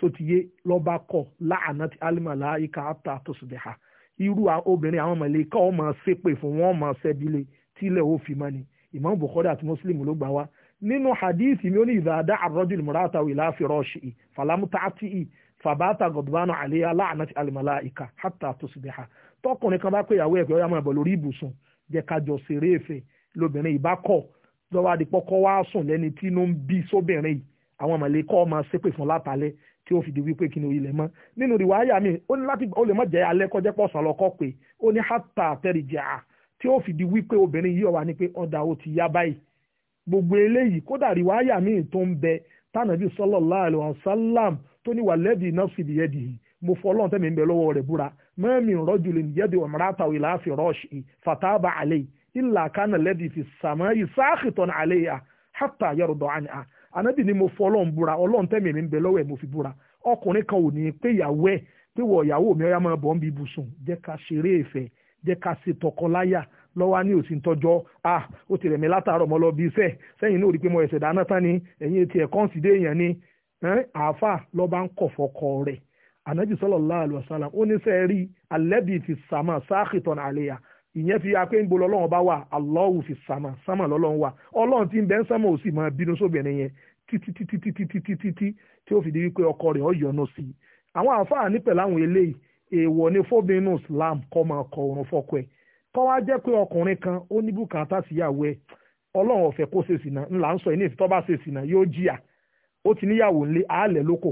sotiye lọ́ba kọ̀ láàánà tí alima láyìíká àtà àtòsùdẹ̀ha irú obìnrin àwọn mọ̀lẹ́kà ọmọ ṣépè fún wọn ọmọ ṣẹ́bílẹ̀ tílẹ̀ ó fi mọ́ ni Imam Bukhari àti Muslim ló gbà wá nínú hadithi mi ó ní ìdáadá àrọ́jù ìmúratà wì láàfin rọ́ọ̀ṣì fàlámùtà àti ì fàbátà gọ̀dùbánu àléyà láàánà tí alima láyìíká àtà àtòsùdẹ̀ha tọkùnrin kan bá pé ìyàwó ẹ̀fẹ́ ọyá máa bọ̀ lórí ibùsùn jẹ́ kájọ ṣeré èfè lóbìnrin ìbá kọ̀ lọ́wọ́ adìpọ́kọ́ wá sùn lẹ́ni tí ń bí sóbìnrin yìí àwọn mọ̀lẹ́kọ́ ọmọ ṣépè fún látàlẹ́ tí ó fi di wípé kí ni ilẹ̀ mọ́ nínú rìwáyà mi ó ní láti ó lè mọ̀ jẹ́ alẹ́ kọjá pọ̀ sọ̀rọ̀ kọ́ pé ó ní hàtà àtẹ̀rìjà tí ó fi di wípé obìnrin yìí ó wá pé ọ̀dà ó ti yá báyìí gbogbo eléyìí kódà rìwáyà mi tó ń bẹ tànàbí sallallahu alaihi wasallam tó ní wà lẹ́bi nafsi biyadihi mo fọ ọlọ́run tẹ́mi ń bẹ lọ́wọ́ rẹ̀ búra mẹ́mí rọ́jùlẹ̀ yẹ́dì ọ̀mọ́ràtà ìlà àfi rọ́ọ̀ṣì fataba àlẹ́ ìlà kánà lẹ́bi fi sàmọ́ ìsáàkìtàn àlẹ́ yà hàtà yọ̀rọ̀dọ̀ àná ànábì ni mo fọ ọlọ́run búra ọlọ́run tẹ́mi mi ń bẹ lọ́wọ́ ẹ̀ mo fi búra ọkùnrin kan ò ní pé ìyàwó ẹ̀ pé wọ ìyàwó mi ọyá máa bọ̀ ń bi ibùsùn jẹ́ ká ṣeré ìfẹ́ jẹ́ ká ṣe tọkọláyà lọ́wọ́ ní òsì tọ́jọ́ à ó ti rẹ̀ mí látàárọ̀ mọ́ lọ bí iṣẹ́ sẹ́yìn náà rí pé mo ẹ̀sẹ̀ dáná tán ni ẹ̀yìn etí ẹ̀kọ́ ń sì dé èèyàn ni àáfà lọ́ba ń kọ̀ fọkọ rẹ̀ ànábì sallallahu alaihi wasallam ó ní sẹ́ẹ̀ rí alẹ́bí ti sàmà sáàkìtàn àlẹ́yà ìyẹn fi apé ń bo lọ́lọ́run bá wà Allahu fi sàmà sàmà lọ́lọ́run wà ọlọ́run tí ń bẹ ń sàmà ò sì máa bínú sóbìnrin yẹn títítítítítítítí tí ó fi di wípé ọkọ rẹ̀ ọ̀yọ́nà sí i àwọn àǹfààní ní pẹ̀lú àwọn eléyìí èèwọ̀ ni fóbìnrin Islam kọ́ máa kọ òrùn fọ́kọ ẹ̀ kọ́ wá jẹ́ pé ọkùnrin kan ó ní bùkátà síyàwó ẹ̀ ọlọ́run ọ̀fẹ́ kó ṣe sìnà ńlá ń sọ ẹ̀ ní ìfitọ́ bá ṣe sìnà yóò jìyà ó ti níyàwó ńlé àálẹ̀ ló kó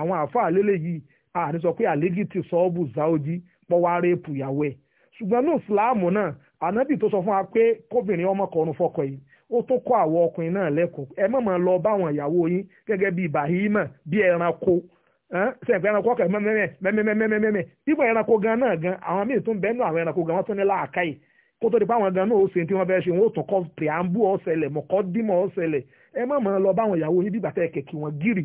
àwọn àáfàá lélẹ̀ yìí àní sọ pé àlégì ti sọ́ọ́bù záójì pọ́wárẹ́pù ìyàwó ẹ̀ ṣùgbọ́n ní ìsìláàmù náà ànábì tó sọ fún wa pé kóbìnrin ọmọ kọrun fọkọ yìí ó tó kọ́ àwọn ọkùnrin náà lẹ́kọ̀ọ́ ẹ má máa lọ báwọn ìyàwó yín gẹ́gẹ́ bíi bàhímà bíi ẹranko sẹ̀pẹ̀ ẹranko ọkọ̀ mẹ́mẹ́mẹ́mẹ́mẹ́mẹ́ ibò ẹranko gan náà gan àwọn míì tún bẹ́ẹ̀ nù àwọn ẹranko gan wọ́n tún ní láàkáyè kó tó di báwọn gan náà ó ṣe tí wọ́n ṣe wọ́n ó tún kọ́ pìàmbù ọ̀sẹ̀lẹ̀ mọ̀kọ́ dímọ̀ ọ̀sẹ̀lẹ̀ ẹ má lọ báwọn ìyàwó yín bíbà tẹ́ kẹ̀kẹ́ wọn gírì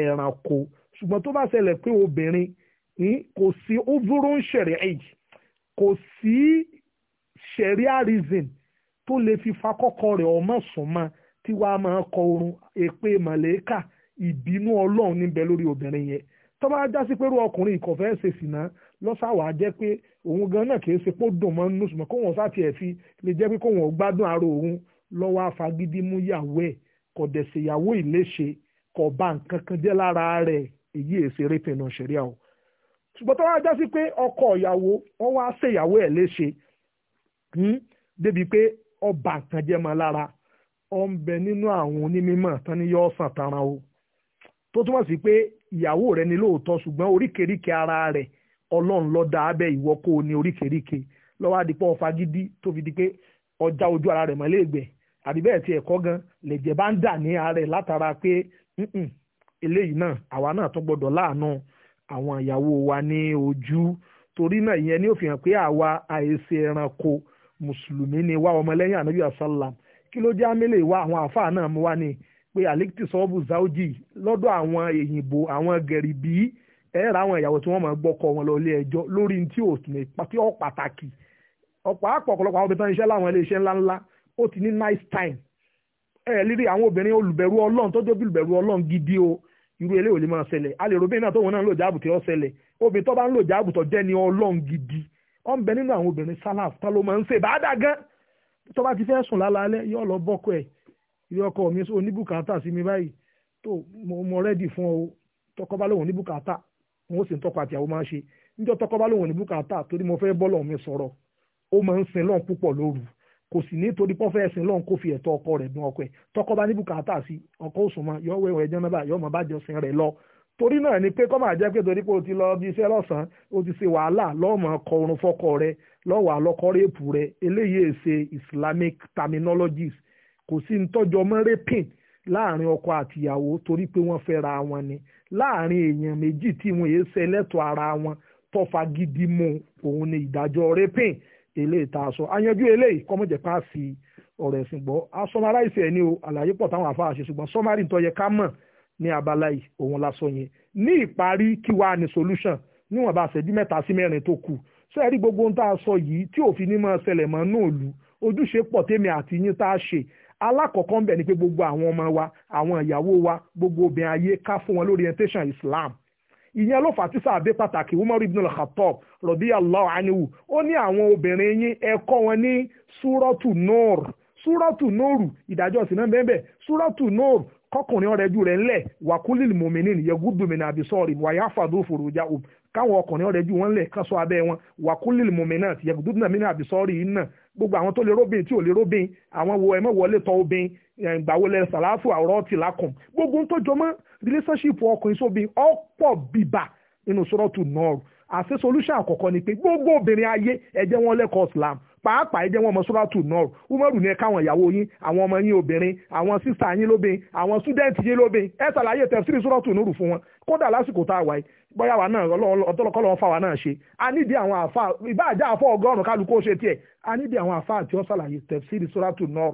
ẹranko ṣùgbọ́n tó bá ṣẹlẹ̀ pé obìnrin hmm, kò sí overall ṣẹ̀rí age kò sí ṣẹ̀ríà reason tó lè fi fa kọ́kọ́ rẹ̀ ọmọ súnmọ́ tí wàá máa kọ orun èpè màlẹ́kà ìbínú ọlọ́run níbẹ̀ lórí obìnrin yẹn tó bá já sí pẹ̀lú ọkùnrin ìkọ̀ fẹ́ ṣe sì náà lọ́sàwọ̀ á jẹ́ pé òun gan náà kìí ṣe pó dùn mọ́ nínú ṣùgbọ́n kóun ọ̀sá tiẹ̀ fi lè jẹ́ pé kóun ọ̀gbádùn ara òun lọ́wọ́ afagídí yàwó ẹ̀ kọ̀dẹ̀sẹ̀yàwó ìléṣe kọba bá nǹkan kan lára rẹ èyí èsèré pinnu ṣẹ̀ríà o ṣùgbọ́n tó wá já sí pé ọkọ ìyàwó wọ́n wá ṣèyàwó ẹ̀ léṣe hmm, débi pé ọba nǹkan jẹ́ lára nínú àwọn onímọ̀ tán ni yóò sàn tara o sí pé ìyàwó rẹ ni lóòótọ́ ṣùgbọ́n ara rẹ ọlọ́run lọ́dà abẹ́ ní lọ́wọ́ àdìpọ̀ eléyìí náà àwa náà tó gbọ́dọ̀ láàánú àwọn ìyàwó wa ní ojú torí náà ìyẹn ni ó fi hàn pé àwa àìsè ẹranko mùsùlùmí ni wá ọmọlẹ́yìn ànábì asálàm kí ló jẹ́ àmì lè wá àwọn àáfàá náà mú wá ni pé alikti sọ́ọ̀bù zaoji lọ́dọ̀ àwọn èyìnbó àwọn gẹ̀rìbí ẹ̀ẹ́rà àwọn ìyàwó tí wọ́n máa gbọ́kọ wọn lọ ilé ẹjọ́ lórí tí ò tí ó pàtàkì ọ̀pọ̀ àpọ̀ ọ̀pọ̀lọpọ̀ àwọn obìnrin iṣẹ́ láwọn ilé ńláńlá ó ti ní nice time ẹ lírí àwọn obìnrin olùbẹ̀rù ọlọ́run tọ́jú bí olùbẹ̀rù ọlọ́run gidi o irú eléyìí ò lè máa ṣẹlẹ̀ a lè rò bẹ́ẹ̀ náà tóun náà ń lò jáàbù tí ó ṣẹlẹ̀ obìnrin tó bá ń lò jáàbù tó jẹ́ ni ọlọ́run gidi ó bẹ nínú àwọn obìnrin sálàf tá ló máa ń ṣe bàádà gan tó bá ti fẹ́ sùn lálálẹ́ yóò lọ bọ́kọ ẹ̀ ilé ọkọ mi oníbùkátà sí mi báyìí tó mo rẹ́dì fún ọ tọkọ kò sì ní torí pọ́fẹ́ ẹ̀sìn lọ́hùn kó fi ẹ̀tọ́ ọkọ rẹ̀ dún ọkọ ẹ̀ tọkọ bá ní bùkátà sí ọkọ òṣùnmọ́ yọ wẹ̀ ẹ̀jẹ̀ náà yọ ọmọ bá jọ sin rẹ̀ lọ torí náà ni pé kọ́ máa jẹ́ pé torí pé o ti lọ bí iṣẹ́ lọ́sàn-án o ti ṣe wàhálà lọ́ọ̀mọ̀ ọkọ orun fọ́kọ rẹ lọ́wọ́ àlọ́kọ rẹ́ẹ̀pù rẹ eléyìí ṣe Islamic terminologies kò sí ń tọ́jú ọmọ rẹ́pìn láàrin ọkọ àtìyàwó torí pé wọ́n fẹ́ ra wọn ni láàrin èèyàn méjì tí wọn èé ṣe lẹ́tọ̀ọ́ ara wọn tọ́fagídí mu òun ni ìdájọ́ rẹ́pìn eléyìí tá a sọ ayanjú eléyìí kọ́mọ̀ jẹ́ pa fi ọ̀rọ̀ ẹ̀sìn gbọ́ a sọmaráìsì ẹ̀ ní o àlàyé pọ̀ táwọn àfa àṣẹ ṣùgbọ́n sọmárì tó yẹ ká mọ̀ ní abala yìí òun la sọ yẹn ní ìparí kí wàá ní solution níwọ̀n bá ṣẹ́jú mẹ́ta sí mẹ́rin tó kù sẹ́ẹ̀rí gbogbo ohun tá a sọ yìí tí òfin ní máa ṣẹlẹ̀ mọ́ náà lù ojúṣe pọ̀ tèmi àti yín tá a ṣe alákọ̀ọ́kọ́ ń bẹ̀ ni pé gbogbo àwọn ọmọ wa àwọn ìyàwó wa gbogbo obìnrin ayé ká fún wọn lórí orientation Islam ìyẹn ló fà tí sàbẹ pàtàkì Umar ibn al-Khattab Allah anhu ó ní àwọn obìnrin yín ẹ kọ́ wọn ní súrọ́tù Nur súrọ́tù Nur ìdájọ́ sínú bẹ́ẹ̀ súrọ́tù Nur kọkùnrin ọ̀rẹ́jú rẹ̀ ńlẹ̀ wàkúlìl mòmìnir yẹgúdù min abisọ́ọ̀rì wàyà fàdó fòròjà òb káwọn ọkùnrin ọ̀rẹ́jú wọn ńlẹ̀ kán sọ abẹ́ wọn wàkúlìl mòmìnir yẹgúdù min abisọ́ọ̀rì yìí náà gbogbo àwọn tó lè róbìn tí ò lè róbìn àwọn wo ẹ̀mọ́ wọlé tọ́ obìn gbàwọlé sàláfù àwòrán tìlákùn gbogbo ń tó jọmọ́ relationship ọkùnrin sóbi ọ̀pọ̀ bíbà nínú sọ́rọ́tù náà àṣẹ solution àkọ́kọ́ ni pé gbogbo obìnrin ayé ẹ jẹ́ wọn lẹ́kọ̀ọ́ Islam pàápàá ẹ jẹ́ wọn ọmọ sọ́ràtù náà umaru ní káwọn ìyàwó yín àwọn ọmọ yín obìnrin àwọn sísá yín lóbìn àwọn súdẹ́ǹtì yín lóbìn ẹ ṣàlàyé tẹ̀sírì sọ́ràtù nùrù fún wọn kódà lásìkò tá a wáyé bóyá wa náà ọtọ́lọ́kọ́ lọ́wọ́ fáwa náà ṣe a nídìí àwọn àfa ìbáàjá àfọ ọgọ́rùn-ún kálukú ó ṣe a nídìí àwọn àfa àti ó ṣàlàyé tẹ̀sírì sọ́ràtù náà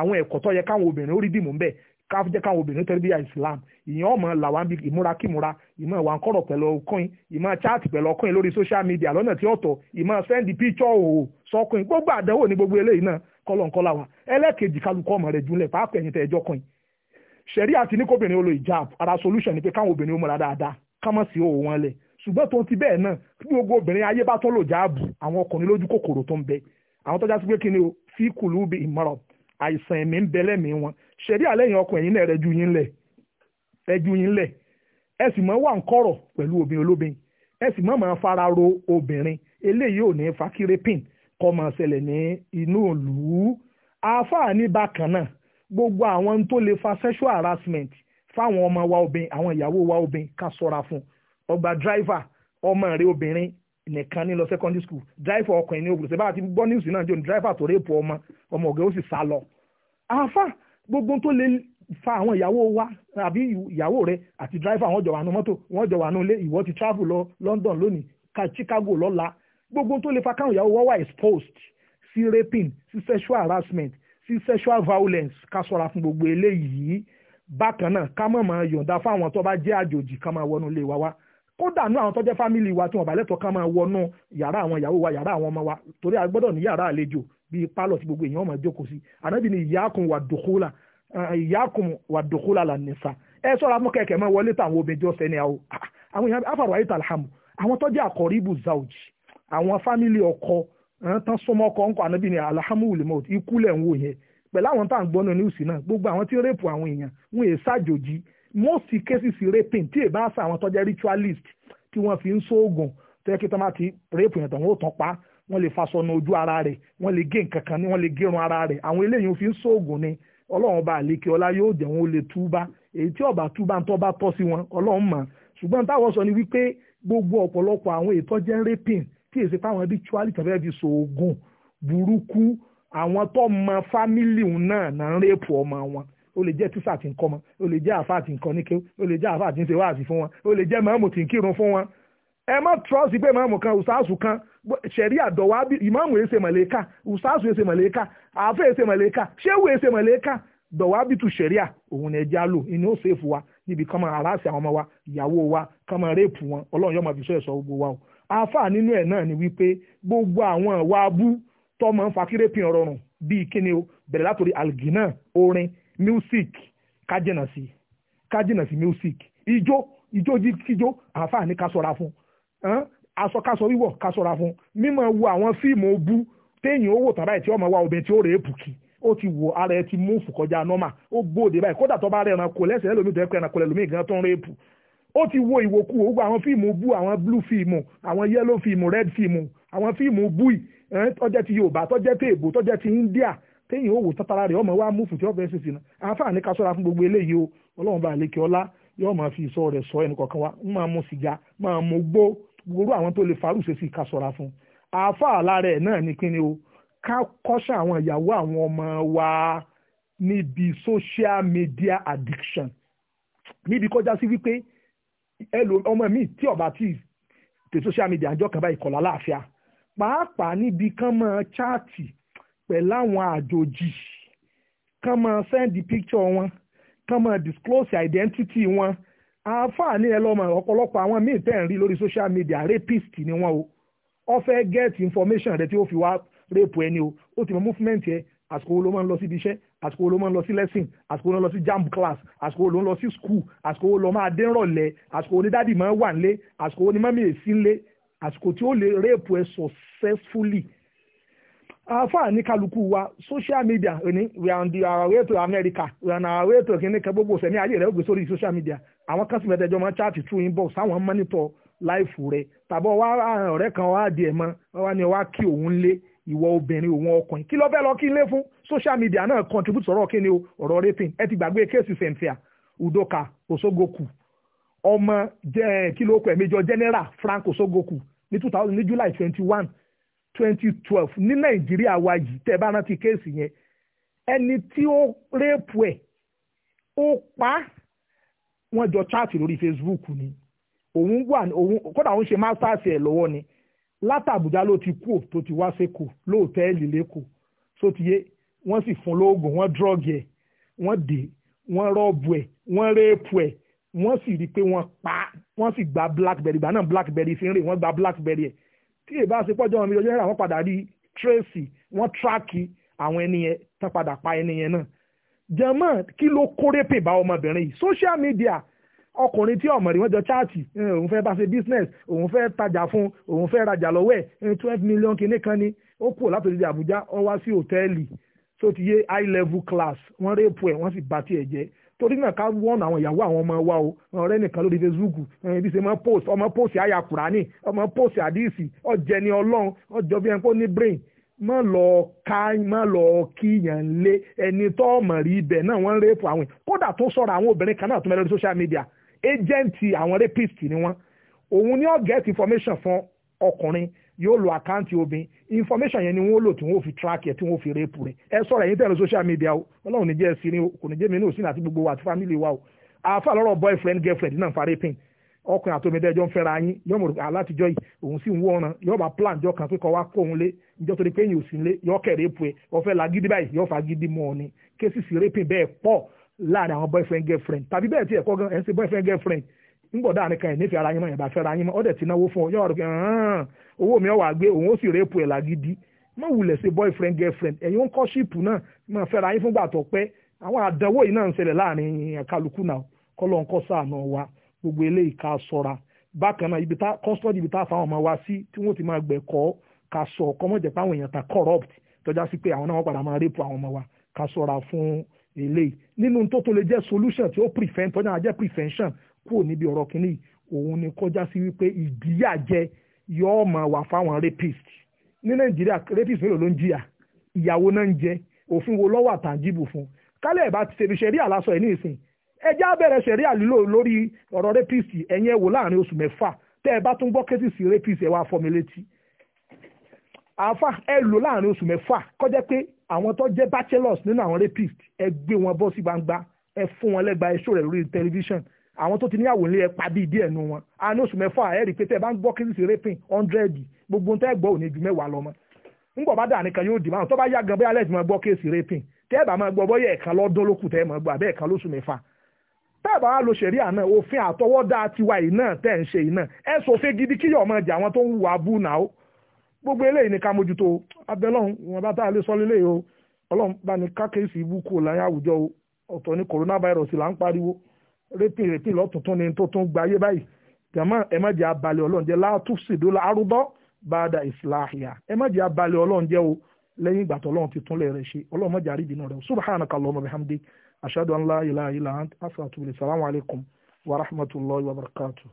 àwọn ẹ̀kọ́ yẹ káwọn obìnrin ó rí dìmú bẹ́ẹ̀ káfíjẹ́ káwọn obìnrin tẹ́lẹ̀ bíi Islam ìyẹn ọmọ làwọn bíi ìmúrakímúra ìmọ̀ ìwà ńkọ̀rọ̀ pẹ̀lú ọkùnrin ìmọ̀ chat pẹ̀lú ọkùnrin lórí social media lọ́nà tí ọ̀tọ̀ ìmọ̀ send picture òhò sọkùnrin gbogbo àdánwò ní gbogbo eléyìí náà kọ́lọ̀ńkọ́lá wa ẹlẹ́ẹ̀kejì kálukọ́ ọmọ rẹ̀ jùlẹ̀ pàápàá ẹ̀yìn tẹ̀ ẹjọ́ kùnrin ṣẹ̀rí àti ní solution ni pé káwọn obìnrin ó múra dáadáa kámọ́ sí òun wọn lẹ̀ ṣùgbọ́n tó ń ti bẹ́ẹ̀ náà bí gbogbo obìnrin ayé bá tún lò àìsàn ẹ̀mí ń bẹ lẹ́mìí wọn ṣẹ̀rí àlẹ́yìn ọkùnrin ẹ̀yìn náà rẹ̀ ju yín lẹ̀ ẹ ju yín lẹ̀ ẹ sì mọ́ wà ń kọ̀rọ̀ pẹ̀lú obìnrin olóbìnrin ẹ sì mọ́ máa fara ro obìnrin eléyìí ò ní fakiri pin kọ́ máa ṣẹlẹ̀ ní inú ìlú àáfàá ní bákan náà gbogbo àwọn tó lè fa sexual harassment fáwọn ọmọ wa obìnrin àwọn ìyàwó wa obìnrin ká sọ́ra fún ọgbà driver ọmọ rẹ obìnrin nìkan ní lọ secondary school driver ọkùnrin ní ògùn ṣe bá ti gbọ́ news náà jọ ní driver tó rèpù ọmọ ọmọ ọ̀gá ó sì sá lọ àáfàá gbogbo tó lè fa àwọn ìyàwó wa àbí ìyàwó rẹ àti dráìfà wọn jọ wà nù mọ́tò wọn jọ wà nù ilé ìwọ ti travel lọ London lónìí ka Chicago lọ́la gbogbo tó lè fa káwọn ìyàwó wọn wà exposed sí raping sí sexual harassment sí sexual violence ká ṣọ́ra fún gbogbo eléyìí bákan náà ká mọ̀ mọ̀ yọ̀ǹda fáwọn tó bá jẹ́ àjòjì ká máa wọnú ilé wa wá kódà nú àwọn tó jẹ́ fámìlì wa tí wọ́n bá lẹ́tọ̀ọ́ ká máa wọnú yàrá àwọn ìyàwó wa yàrá àwọn ọmọ wa torí a ní yàrá àlejò bíi pálọ̀ tí gbogbo èèyàn máa jókòó sí ànábì ni ìyáàkùn wà dòkúlà ìyáàkùn wà dòkúlà là nìsa ẹ sọ́ra mú kẹ̀kẹ́ mọ́ wọlé táwọn obìnrin jọ sẹ́ni àwọn ah, àwọn èèyàn afárò ayé tàlhámù àwọn tó jẹ́ àkọ́rí ibù zaoji àwọn fámìlì ọkọ eh, tán súnmọ́ ọkọ ńkọ ànábì ni alhamdulilayi mọ́t ikú lẹ̀ ń wò yẹn pẹ̀lú àwọn tá à ń gbọ́ náà níwùsì náà gbogbo àwọn tí rèpù àwọn èèyàn wọn èè ṣàjòjì most cases raping tí èèbá sa àwọn tó ritualist tí wọ́n fi ń sóògùn tẹ́kítọ́ máa ti rèpù yẹn tán wọ́n ò tán pa á wọ́n lè fasọnu ojú ara rẹ̀ wọ́n lè gé nǹkan kan ní wọ́n lè gérun ara rẹ̀ àwọn eléyìí fi ń sóògùn ni ọlọ́run bá àlékè ọlá yóò jẹ́ wọn ó lè túbá èyí tí ọba túbá ń tọ́ba tọ́ sí wọn ọlọ́run mọ̀ ṣùgbọ́n táwọn sọ ni wípé gbogbo ọ̀pọ̀lọpọ̀ àwọn ètò jẹ́ rapin tí èsì fáwọn ẹbí chuali tàbí ẹbí sòògùn burúkú àwọn tó mọ fámìlì náà náà ń rèpù ọmọ wọn ó lè jẹ́ tíṣà tí ń kọ́ wọn ó lè jẹ́ àfáà tí ń kọ́ níkẹ́ ó lè jẹ́ àfáà tí ń ṣe wáàsí fún wọn ó lè jẹ́ màmù tí ń kírun fún wọn ẹ má trọ́ọ̀sì pé ìmáàmù kan ùsáàsù kan ṣẹ̀rí àdọ̀wà bí ìmáàmù èsè mọ̀lẹ́kà ùsáàsù èsè mọ̀lẹ́kà àáfẹ́ èsè mọ̀lẹ́kà ṣéwù èsè mọ̀lẹ́kà dọ̀wà bí tu ṣẹ̀ríà òun ẹ̀ já lò inú ó ṣèfù wa níbi kọ́mọ aráàsì àwọn ọmọ wa ìyàwó wa kọ́mọ réèpù wọn ọlọ́run yóò máa fi gbogbo wa o àáfà nínú ẹ̀ náà ni wípé gbogbo àwọn ìwà abú tọmọ ń fakíré pin ọ̀rọ̀ rùn bíi kíni o bẹ̀rẹ̀ látòrí algina orin music kájìnà sí kájìnà sí music ijó ijó jíjó àáfà ní ká sọra fún aṣọ káṣọ wíwọ̀ káṣọra fún mímọ̀ wo àwọn fíìmù obú téèyàn owó tàbá ẹ̀ tí ọmọ wa obìnrin tí ó rèé bùkì ó ti wò ara ẹ ti múfù kọjá nọ́mà ó gbóòdè báyìí kódà tó bá rẹ̀ ẹranko lẹ́sẹ̀ lómi tó ẹ pé ẹranko lẹ́lómi gan tó ń rèébù ó ti wo ìwòkú gbogbo àwọn fíìmù bú àwọn blue fíìmù àwọn yellow fíìmù red fíìmù àwọn fíìmù búì tọ́jẹ́ ti Yorùbá tọ́jẹ́ ti èbó tọ́jẹ́ ti India téèyàn ò wò tátara rẹ̀ ọmọ wa múfù tí ó fẹ́ sísìn náà àǹfààní ká sọ́ra fún gbogbo eléyìí o Ọlọ́run bá àlekè ọlá yóò máa fi ìsọ rẹ̀ sọ ẹnì kọ̀ọ̀kan wa máa mu sìgá máa mu gbó gbogbo àwọn tó lè farú ṣe sí ká sọra fún àáfà alára náà ni kíni o ká kọ́ṣà àwọn ìyàwó àwọn ọmọ wa níbi social media addiction níbi kọjá sí wípé ẹlò ọmọ mi tí ọba tí tẹ social media àjọ kan báyìí kọlá láàfíà pàápàá níbi kán máa chaati pẹ̀lú àwọn àjòjì kán máa send picture wọn kán máa disclose identity wọn àáfàá ní ẹlọ́mọ ọ̀pọ̀lọpọ̀ àwọn míì tẹ̀ ń rí lórí social media rapist ni wọ́n o ó fẹ́ get information rẹ tí ó fi wá rape ẹni o ó ti mọ movement yẹ àsìkò wo ló máa ń lọ síbi iṣẹ́ àsìkò wo ló máa ń lọ sí lesson àsìkò wo ló ń lọ sí jam class àsìkò wo ló ń lọ sí school àsìkò wo ló máa dé rọ̀lẹ́ àsìkò wo ni dádì máa wà nílé àsìkò wo ni mọ́mí èsì nílé àsìkò tí ó lè rape ẹ successfully àáfàá ní kálukú wa social media ní we are on the our way to America we are on our way to kìnìkan gbogbo sẹ́ni ayé rẹ̀ ó gbé sórí social media àwọn kásìmọ̀ ẹ̀dẹ́jọ́ máa chaati through inbox àwọn mọ́nítọ̀ láìfù rẹ̀ tàbọ̀ wá ọ̀rẹ́ kan wá di ẹ̀ mọ́ wá ní wá kí òun lé ìwọ obìnrin òun ọkùnrin kí ló bẹ́ẹ̀ lọ kí n lé fún social media náà contribute sọ̀rọ̀ kí ni o ọ̀rọ̀ rating ẹ ti gbàgbé kéèsì cynthia udoka osogoku ọmọ kí ló pẹ̀ méjọ general frank osogoku ní two thousand ní july twenty one twenty twelve ní nàìjíríà wa yìí tẹ́ ẹ bá rántí kéèsì yẹn ẹni tí ó rẹ́ẹ̀pù ẹ̀ ó pa á wọ́n jọ chat lórí Facebook ni òun wà òun kódà òun ṣe masters ẹ̀ lọ́wọ́ ni látàbújá ló ti kú tó ti wá sékò lóòtẹ́ẹ̀lì lẹ́kọ̀ọ́ sótìyé wọ́n sì fún lóògùn wọ́n drug ẹ̀ wọ́n dè wọ́n rọ́ọ̀bù ẹ̀ wọ́n réèpù ẹ̀ wọ́n sì rí i pé wọ́n pa wọ́n sì gba blackberry ìgbà náà blackberry fi ń rè wọ́n gba blackberry ẹ̀ tí èbá ṣe pọ́jọ́ mi lọ́jọ́ náírà wọ́n padà rí tracy wọ́n tíráàkì àwọn ẹni yẹn tán padà pa ẹni yẹn náà jẹmọ kí ló kórè pè bá ọmọbìnrin yìí social media ọkùnrin tí ọmọ rí wọn jọ chaati eh, òun fẹ́ bá ṣe business òun fẹ́ tajà fún òun fẹ́ rajà lọ́wọ́ ẹ̀ eh, twelve million kìíní kan ni ó kúrò látòdì di Àbújá wọn wá sí hòtẹ́ẹ̀lì tó ti yé high level class wọ́n rẹ́pù ẹ̀ wọ́n sì bà tiẹ̀ jẹ́ torí náà ká wọ́n àwọn ìyàwó àwọn ọmọ wa o ọ̀rẹ́ nìkan lórí Facebook ibi eh, ṣe máa post ọmọ post àyà kùránì ọmọ post àdìsí ọjẹni Ọlọ́run ọjọ́ bí ẹni pé ó ní brain má lọ ká má lọ kíyàn lé ẹni tó mọ̀ rí ibẹ̀ náà wọ́n ń rẹ́pù àwọn kódà tó sọ̀rọ̀ àwọn obìnrin kan náà tó mẹ́lẹ́ lórí social media agenti àwọn rapist ni wọ́n òun ni ó get information fún ọkùnrin yóò lo àkáǹtì obìnrin information yẹn ni wọ́n lò tí wọ́n fi track ẹ̀ tí wọ́n fi rẹ́pù rẹ̀ ẹ sọ̀rọ̀ ẹ̀yin tẹ̀lé social media o ọlọ́run ní jẹ́ ẹ sí ni kò ní jẹ́ mi ní òsín àti gbogbo wa àti family wa o àáfà lọ́rọ̀ boyfriend girlfriend náà fa raping ọkùnrin àti omidan ẹjọ́ ń fẹ́ra yín yóò mọ̀ rògbà látijọ́ yìí òun sì ń wọ́ ọ̀ràn yóò bá plan jọ kan pé kọ́ wá kó òun lé ìjọ torí pé èyàn ò sí lé yóò kẹ̀rẹ́ epo ẹ̀ ọ̀fẹ́ la gidi báyìí yóò fa gidi mọ́ ọ ni kéṣìṣì rẹ́pìn bẹ́ẹ̀ pọ̀ láàrin àwọn boyfriend girlfriend tàbí bẹ́ẹ̀ tí ẹ̀kọ́ gan ẹ̀ ń ṣe boyfriend girlfriend ngbọ̀dá ni kan ẹ̀ nífẹ̀ẹ́ ara yín mọ́ ẹ̀ bá fẹ́ ara yín mọ́ ọ̀dẹ̀ tí náwó fún ọ yóò rọ̀ pé owó mi wà gbé òun ó sì rẹ́pù ẹ̀ lágídí má wulẹ̀ ṣe boyfriend girlfriend ẹ̀yin ó ń kọ́ ṣíìpù náà máa fẹ́ ara yín fúngbà tó pẹ́ àwọn àdánwò yìí náà ń ṣẹlẹ̀ láàrin kálukú náà kọ́ sáà náà wá gbogbo eléyìí ká sọ́ra bákan náà ibi tá custody ibi tá fáwọn ọmọ wa sí tí wọ́n ti máa gbẹ̀kọ́ ká sọ kọ́mọ̀jẹ̀ páwọn èèyàn ta corrupt tọ́já sí pé àwọn náà wọ́n padà máa rape àwọn ọmọ wa ká sọ́ra fún eléyìí nínú tó tó lè jẹ́ solution tí ó prevent tọ́jà jẹ́ prevention kúrò níbi ọ̀rọ̀ kìíní òun ni kọjá sí wípé ìdíyàjẹ yóò máa wà fáwọn rapist ní nàìjíríà rapist mélòó ló ń jìyà ìyàwó náà ń jẹ òfin wo lọ́wọ́ àtàǹjìbù fún kálẹ̀ ìbá ti ṣe fi ṣe rí àlásọ ẹ̀ ní ìsìn ẹjẹ́ abẹ́rẹ́ ṣẹ̀rí àlùlò lórí ọ̀rọ̀ rapist ẹ̀yìn ẹ̀wò láàrin oṣù mẹ́fà tẹ́ ẹ bá tún gbọ́ rapist ẹ̀ wá fọ́ létí àáfà ẹ lò láàrin oṣù mẹ́fà kọjá pé àwọn tó jẹ́ bachelors nínú àwọn rapist ẹ gbé wọn bọ́ gbangba ẹ fún wọn rẹ̀ lórí tẹlifíṣàn àwọn ti ẹ pa bíi díẹ̀ nu wọn àárín oṣù mẹ́fà ẹ rí i pé tẹ́ ẹ bá hundred gbogbo tẹ́ ẹ gbọ́ òní ju mẹ́wàá lọ́mọ bá yóò dì máa bá yá gan bóyá lẹ́sìn máa gbọ́ tẹ́ ẹ bá máa gbọ́ bóyá lọ́dún tẹ́ẹ̀bà wa lo ṣẹ̀rí àná òfin àtọwọ́dá tiwa yìí náà tẹ́ ń ṣe yìí náà ẹ sòfin gidi kí yọ̀ọ́ máa jẹ àwọn tó ń hùwà bú náà ó gbogbo eléyìí ní ká mójútó abẹ́lọ́hún ìwọ̀n bá tá a lè sọ lélẹ̀ o ọlọ́run bá ní kákèésì ibú kúrò láyé àwùjọ o ọ̀tọ̀ ní coronavirus là ń pariwo rẹ́pìn rẹ́pìn lọ́tùntún ni tó tún gbayé báyìí jàmọ́ ẹ má jẹ́ abalẹ̀ ọlọ́run jẹ́ látúnṣìdó أشهد أن لا إله إلا أنت أستغفرك السلام عليكم ورحمة الله وبركاته